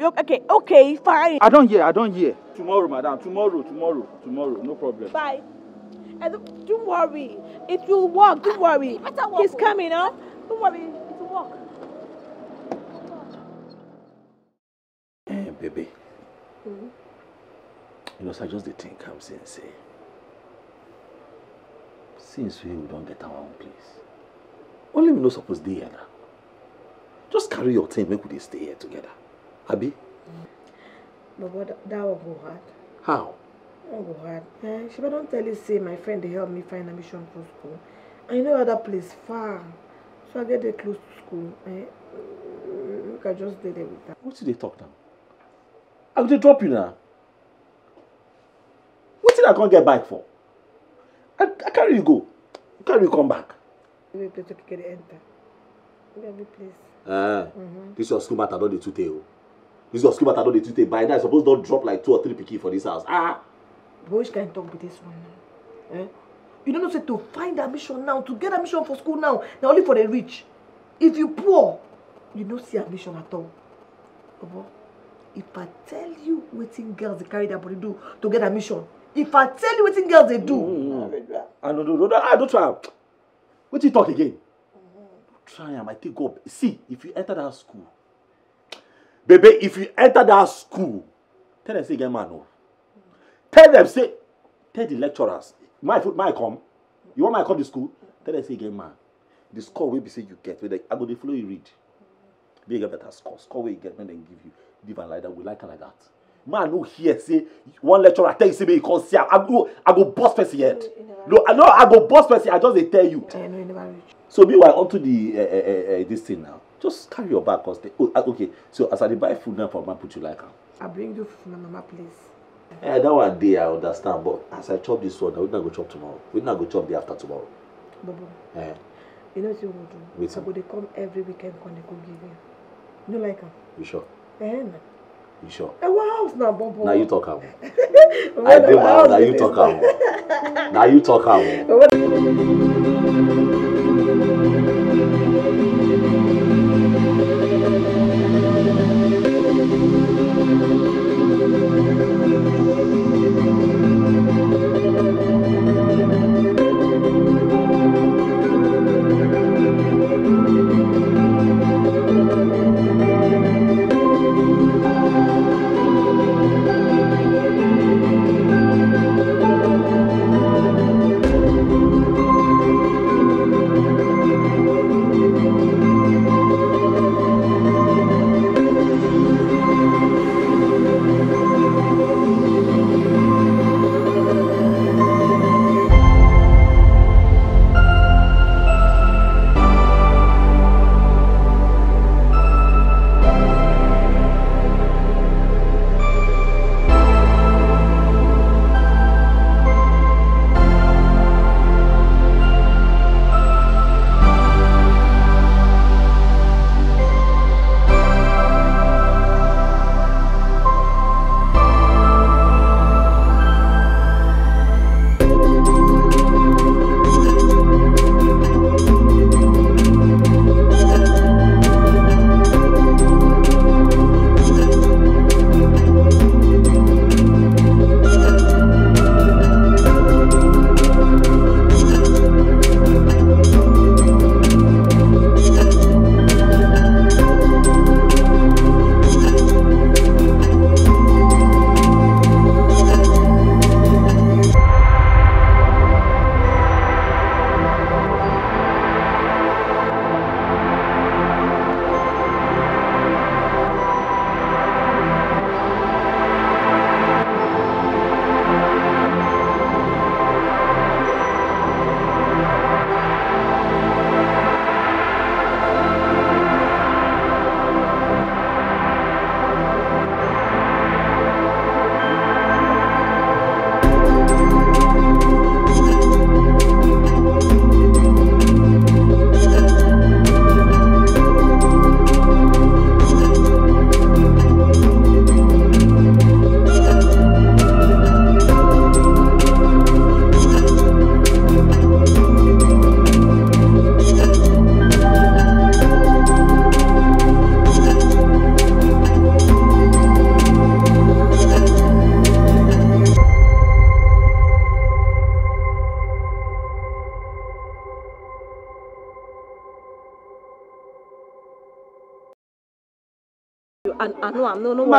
Okay, okay, fine. I don't hear, I don't hear. Tomorrow, madam, tomorrow, tomorrow, tomorrow, no problem. Bye. And don't, worry, it will work, don't worry. He's coming, huh? Don't worry, it will work. Eh, baby. hmm You know, sir, just the thing comes in, say. Since we don't get our own place, only we no suppose dey here now just carry your thing make we dey stay here together abi. baba that will go hard. how. that go hard eh sheba don tell you say my friend they helped me find a mission for school I know other that place far so i get dey close to school eh make i just dey there with am. wetin dey talk now i go dey drop you What did i can't get back for i i carry you go carry you come back. you go play to kekere enter. Every place. Eh. This your school matter don the two tey This your school matter don the two tey by now you suppose don drop like two or three pikin for this house ah. boy which kind talk with this one now eh? you no know say to find admission now to get admission for school now Now only for the rich if you poor you no see admission at all omo if i tell you waiting girls they carry their body do to get admission if i tell you waiting girls they do. Mm -hmm. i ah, don't know. i ah, don't try What you talk again try am i take god see if you enter that school baby if you enter that school tell them say get man o tell them say tell the lecturers my foot, my come you want my come to school tell them say get man the score will be say you get wey i go the flow you read make you get better score score will you get make dem give you give like that we like am like that man who hear say one lecturer tell you say make you come see am i go i go burst person head no I no i go burst person i just dey tell you. Yeah, no, so meanwhile unto the uh, uh, uh, this thing now just carry your bag come stay oh ah, okay so as i dey buy food now for mama put you like am. i bring you food my mama place. Eh, that one dey i understand but as i chop this one na wetin i go chop tomorrow wetin i go chop day after tomorrow. bobo eh. you know wetin we go do. wetin i go dey come every weekend come dey go give you. you no like am. you sure. Eh, na. You sure? Hey, eh, house now, Bobo? Now you talk am. I dey my house, now you talk am. Now you talk am.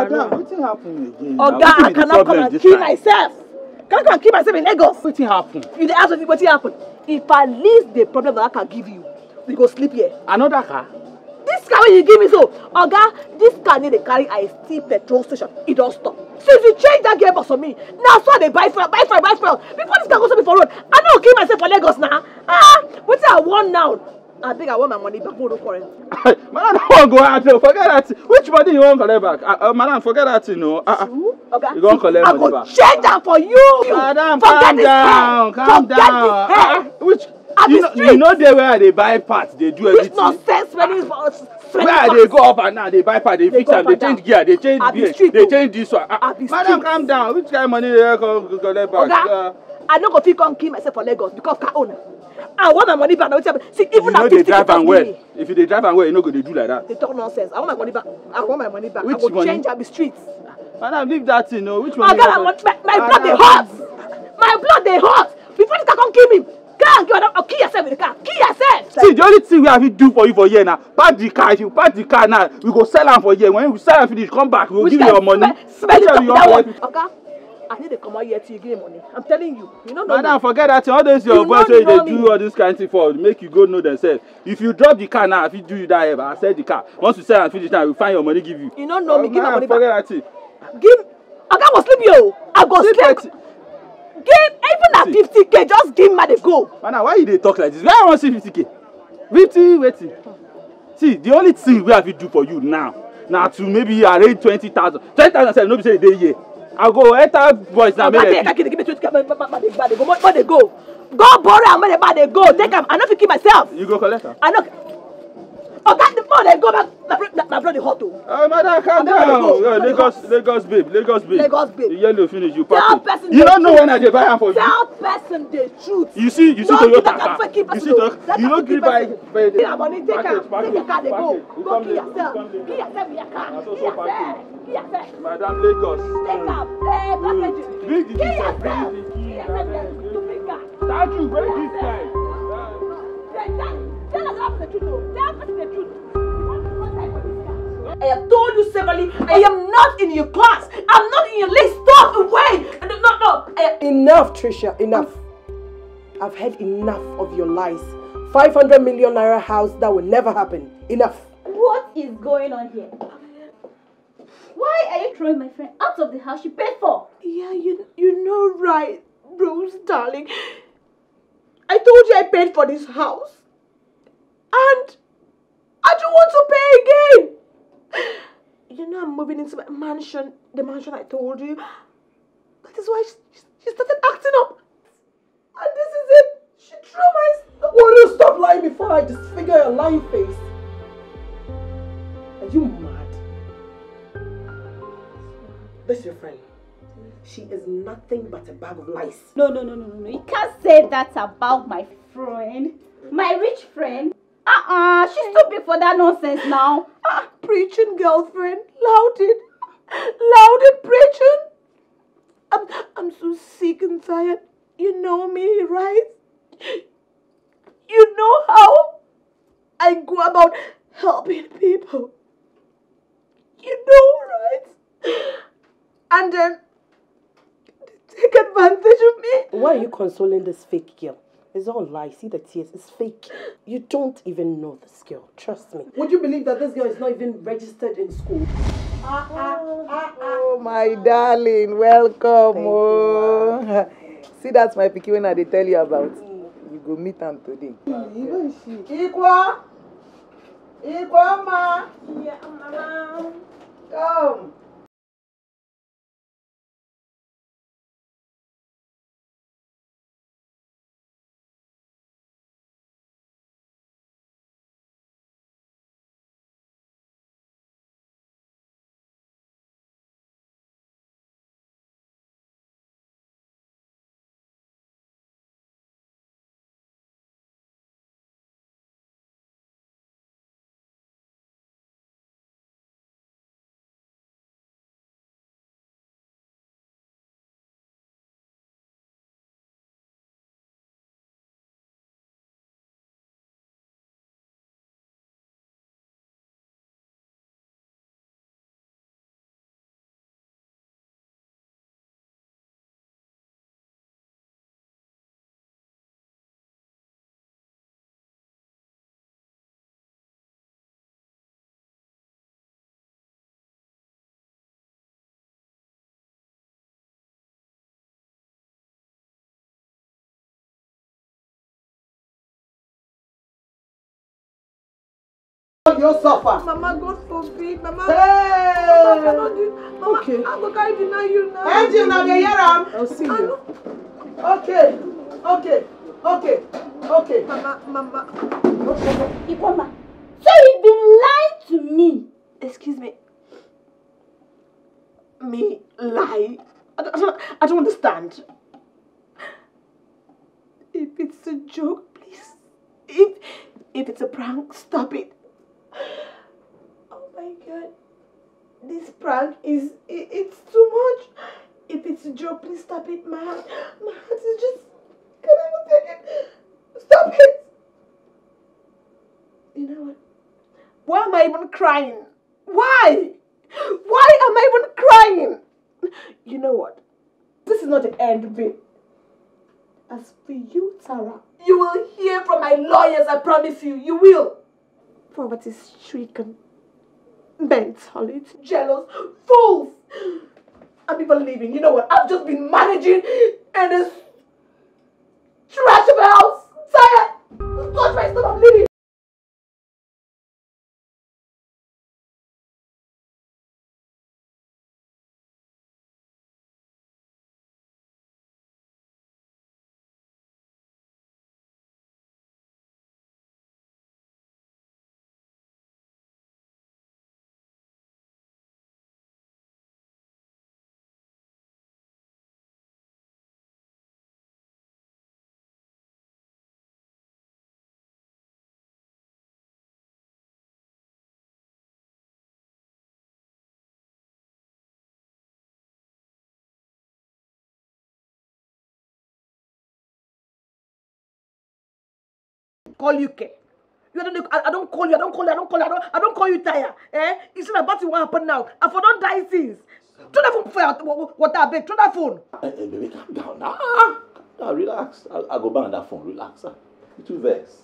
madam wetin happen again oga i cannot come and kill myself can i come and kill myself in lagos wetin happen you the ask me wetin happen if at least the problem that i can give you you go sleep here another car this car wey you give me so Oh God, this car need dey carry i steal petrol station It don stop since you change that gearbox for me now so i dey buy fuel buy fuel buy fuel before this car go stop me for road i no go kill myself for lagos ah, now. ah what's i wan now I think I want my money back. Go look for it. (laughs) Madam, don't one go out. Forget that. Which money you want collect back? Uh, uh, madam, forget that. You know. Uh, uh okay. You gonna collect I money back? I go change that for you. Madam, forget calm down. Calm forget down. Uh, uh, which? you know, you know they where they buy parts, they do everything. Which nonsense when it's uh, Where they go up and now they buy parts, they, they fix them, they change down. gear, they change gear, they oh. change this one. madam, calm down. Which kind of money they collect back? Okay. uh, I no go fit come kill myself for Lagos because car owner. I want my money back. Now, see, even you know they drive and well. Me. If you they drive and well, you know go they do like that. They talk nonsense. I want my money back. I want my money back. Which I will money? change. I be streets. Madam, leave that you know which one? Madam, my, my, my blood they hot. My blood they hot. Before this car come kill me, car and give am kill yourself with the car kill yourself. see the only thing we have to do for you for here now, park the car if you park the car now we go sell them for here when we sell and finish come back we will give you your money. smell it up that Okay. I need to come out here to give game money. I'm telling you. You don't know Madam, me. forget that. All those your you boys they me. do all this kind of thing for make you go know themselves. If you drop the car now, if you do you that ever, eh, I sell the car. Once you sell and finish now, we find your money give you. You don't know oh, me. Give my oh, money forget back. that Give. I can't go sleep you. I go sleep. sleep. Give even at 50k, just give me the go. Madam, why you they talk like this? Why I want see 50k? 50 waiting. See, the only thing we have to do for you now, now to maybe arrange 20,000. 20,000 no be say a day here. I go enter boys now. Make it. Make it. Make it. Make it. Go borrow and make Go take am. I no fit kill myself. You go collect am. I no. Oga, the money. go back. My blood is hot, though. Ah, oh, madam, calm down. Yeah, Lagos, Lagos, babe. Lagos, babe. Lagos, babe. The yellow finish, you pass. Tell person You don't know when I dey buy am for you. Tell person the truth. You see, you see Toyota. You see Toyota. You don't give by by the money. Take car. Take your car, they go. Go kill yourself. Kill yourself with your car. Kill yourself. Madam Lagos. Take am. Eh, package. Bring the key. Kill yourself. Kill yourself. Stupid car. Tell us half the truth. Oh. Tell us the truth. I have told you severally, I am not in your class. I'm not in your list. Stop away. No, no, no. Enough, Trisha. Enough. I've had enough of your lies. 500 million naira house, that will never happen. Enough. What is going on here? Why are you throwing my friend out of the house she paid for? Yeah, you, you know right, Rose, darling. I told you I paid for this house. And I don't want to pay again. You know I'm moving into my mansion, the mansion I told you. That is why she, she started acting up. And this is it. She threw my... Will you stop lying before I disfigure your lying face? Are you mad? is your friend. She is nothing but a bag of lies. No, no, no, no, no. You can't say that about my friend. My rich friend. Uh-uh, she's too big for that nonsense now. Uh-uh. preaching, girlfriend. Louded. Louded preaching. I'm, I'm so sick and tired. You know me, right? You know how I go about helping people. You know, right? And then take advantage of me. Why are you consoling this fake girl? It's all lies. See the tears. It's fake. (gasps) You don't even know this girl. Trust me. Would you believe that this girl is not even registered in school? Ah, ah, ah, oh, my darling. Welcome. Oh. You, (laughs) See, that's my picky when I tell you about. You go meet them today. Even she. ma. Yeah, mama. Come. you suffer. Mama, God forbid. Mama, hey. Mama cannot do. Mama, okay. I'm going to deny you now. Hey, you now, they hear him. I'll see you. Okay, okay, okay, okay. Mama, Mama. Ipoma, so you've been lying to me. Excuse me. Me lie? I don't, I don't understand. If it's a joke, please. If, if it's a prank, stop it. (laughs) oh my god this prank is it, it's too much if it's a joke please stop it my heart my heart is just can i take it stop it you know what why am i even crying why why am i even crying you know what this is not the end it as for you tara you will hear from my lawyers i promise you you will poverty-stricken, mentally jealous fools. I'm even leaving. You know what? I've just been managing in this trash of a house. Tired. Touch my stuff. I'm leaving. call you care. You don't, I, don't call you, I don't call you, I don't call you, I don't, I don't call you tire. Eh? It's not about what happened now. I for don't die since. Turn that phone before what I beg. Turn that phone. Hey, eh, eh, hey, baby, calm down. Ah, calm relax. I'll, I'll go back on that phone. Relax. Ah. You too vex.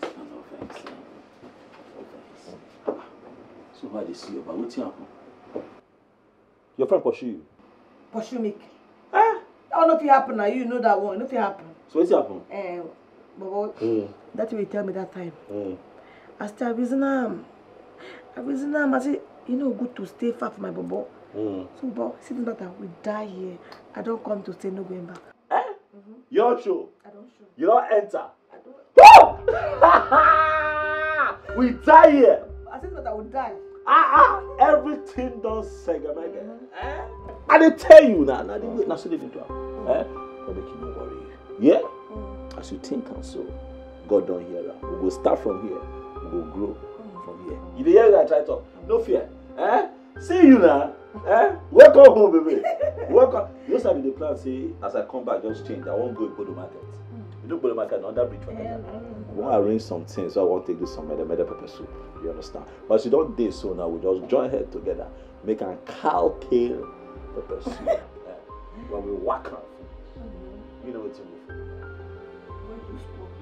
Vex, no, vex. Ah, so why they see you? But what happened? Your friend pursue you. Pursue me. Eh? know if it happened now. You know that one. If it happened, So what's happen? Eh. But mm. that way he tell me that time. Mm. I still reason him. I reason him. I say, you know, good to stay far from my bobo. Mm. So, but sitting back that we die here. I don't come to stay no going back. Eh? Mm-hmm. Your show. I don't show. You don't enter. I don't. (laughs) we die here. I said that I would die. Ah ah, everything done segment. Mm-hmm. Eh? I dey tell you now. Now, now, so they do. Mm-hmm. Eh? But they keep worry. Yeah. Mm-hmm. as you think and so, God don't hear that. We will start from here. We will grow from here. You hear that try talk? No fear. Eh? See you now. Eh? Welcome home, baby. Welcome. You know, the plan say as I come back, just change. I won't go to the market. You don't to the market na under bridge for Naija. We to arrange some things so I wan take do some mede mede pepper soup. You understand? But as you don't do so now, we just join head together, make a cow tail pepper soup. (laughs) eh? When we whack am, you know what you mean.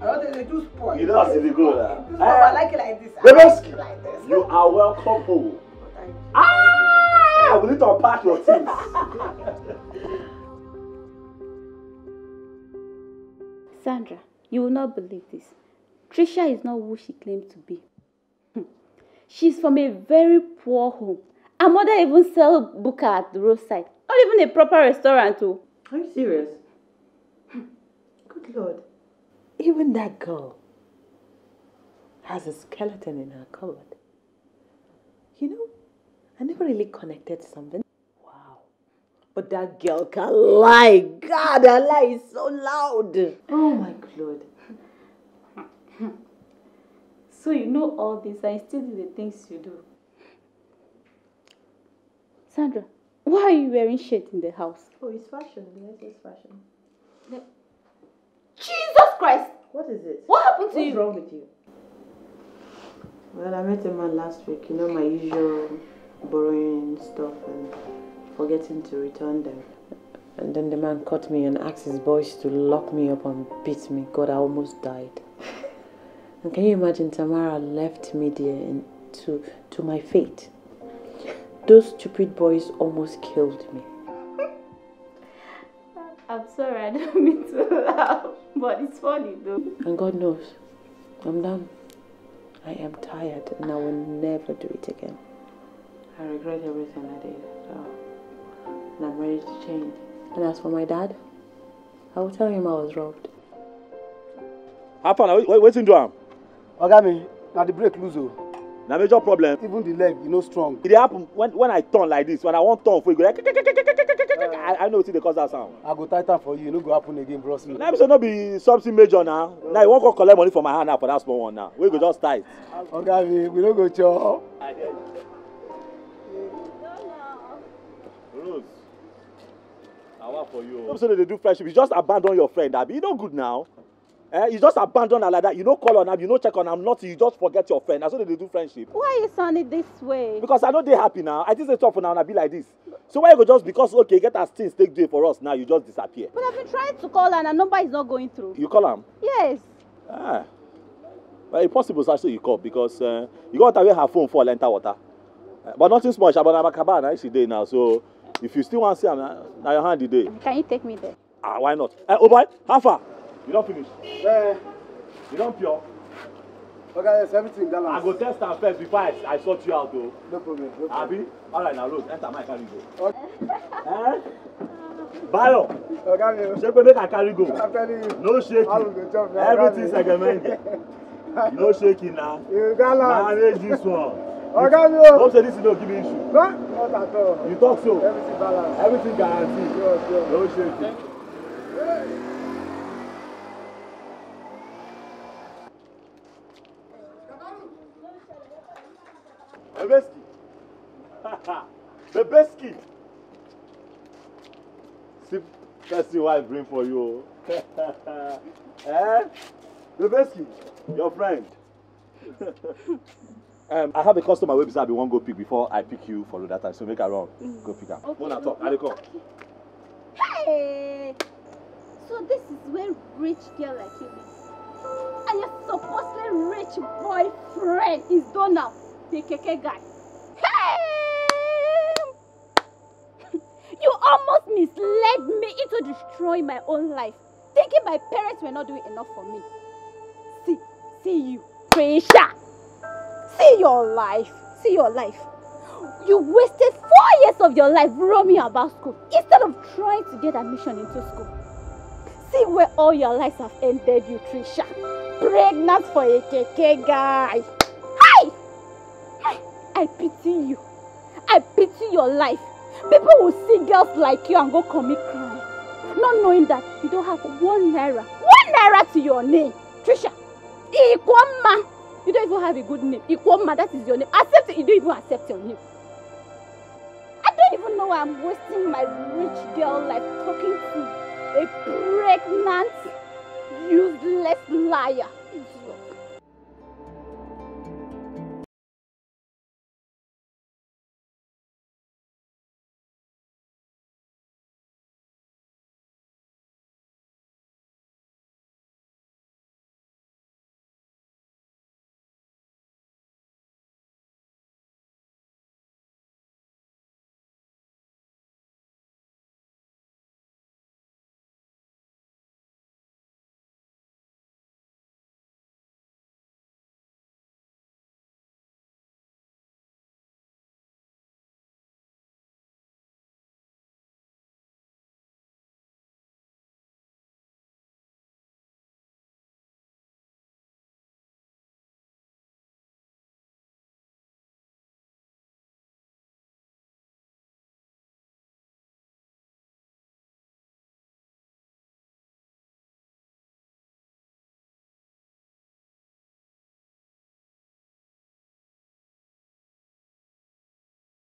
I don't think they do sport. You don't see the Good. Uh. I like it like this. Bebesky, like this. you are welcome home. Oh. Oh, ah! We need to unpack your things. (laughs) Sandra, you will not believe this. Trisha is not who she claimed to be. Hmm. She's from a very poor home. Her mother even sells buka at the roadside. Not even a proper restaurant, too. Oh. Are you serious? Hmm. Good lord. Even that girl has a skeleton in her cupboard. You know, I never really connected something. Wow. But that girl can lie. God, her lie is so loud. Oh my God. so you know all this and still do the things you do. Sandra, why are you wearing shirt in the house? Oh, it's fashion. Yes, it's fashion. Jesus Christ! What is it? What happened to What's you? What's wrong with you? Well, I met a man last week. You know my usual borrowing stuff and forgetting to return them. And then the man caught me and asked his boys to lock me up and beat me. God, I almost died. (laughs) and can you imagine Tamara left me there and to, to my fate? Those stupid boys almost killed me. (laughs) I'm sorry, I don't mean to (laughs) laugh. (laughs) but it's funny though. And God knows, I'm done. I am tired and I will never do it again. I regret everything I did, so and I'm ready to change. And as for my dad, I will tell him I was robbed. Happen, wait into him. Ogami, now the break loose. Oh. Now major problem. Even the leg, you know, strong. It happen when, when I turn like this, when I want turn for you, go like i know wetin dey cause that sound. i go tie for you e no go happen again bros me. na be say no be something major now. na you won't go collect money for my hand now for that small one now We go just tight. Okay, mi we don't go chop. rose i want for you o. Oh. no be say do friendship you just abandon your friend abi e no good now. Eh, you just abandon her like that. You no call on am, you no check on am, nothing. You just forget your friend. Na so they do friendship. Why you sound it this way? Because I know dey happy now. I think say tough una I be like this. So why you go just because okay get as things take do for us now you just disappear? But I've been trying to call and her number is not going through. You call her? Yes. Ah. Well, e possible sir you call because uh, you go enter away her phone for a enter water. Uh, but nothing small sha but na makaba na she dey now so if you still wan see her, now your hand e dey. Can you take me there? Ah why not? Eh, uh, oh Obai, how far? You don't finish? Eh? You don't pure? Okay, yes, everything gallant. I go test and first before I, I sort you out though. No problem. No problem. Abi, alright na road, enter my carry go. Okay. Eh? Bayo. Oga mi o. Ṣé make I carry go? I'm telling you. No shaking. I will go chop now. Everything segmented. no shaking na. You Manage this one. Oga mi o. say this is no give me issue. No, not at all. You talk so. Everything balanced. Everything guaranteed. Sure, sure. No shaking. Bebeski. (laughs) Bebeski. See, let's see what I bring for you. (laughs) eh? Bebeski, your friend. (laughs) um, I have a customer wey be say I bin go pick before I pick you for that time so make I run go pick am. Okay, Mona talk, I dey come. Hey! So this is where rich girl like you be. And your supposedly rich boyfriend is done now. the guy. Hey! (laughs) you almost misled me into destroying my own life, thinking my parents were not doing enough for me. See, see you, Prisha. See your life, see your life. You wasted four years of your life roaming about school instead of trying to get admission into school. See where all your lives have ended you, Trisha. Pregnant for a KK guy. I pity you. I pity your life. People will see girls like you and go commit crime. Not knowing that you don't have one naira. One naira to your name. Trisha. Ikwoma. You don't even have a good name. Ikwoma, that is your name. Accept it. You don't even accept your name. I don't even know why I'm wasting my rich girl life talking to a pregnant, useless liar.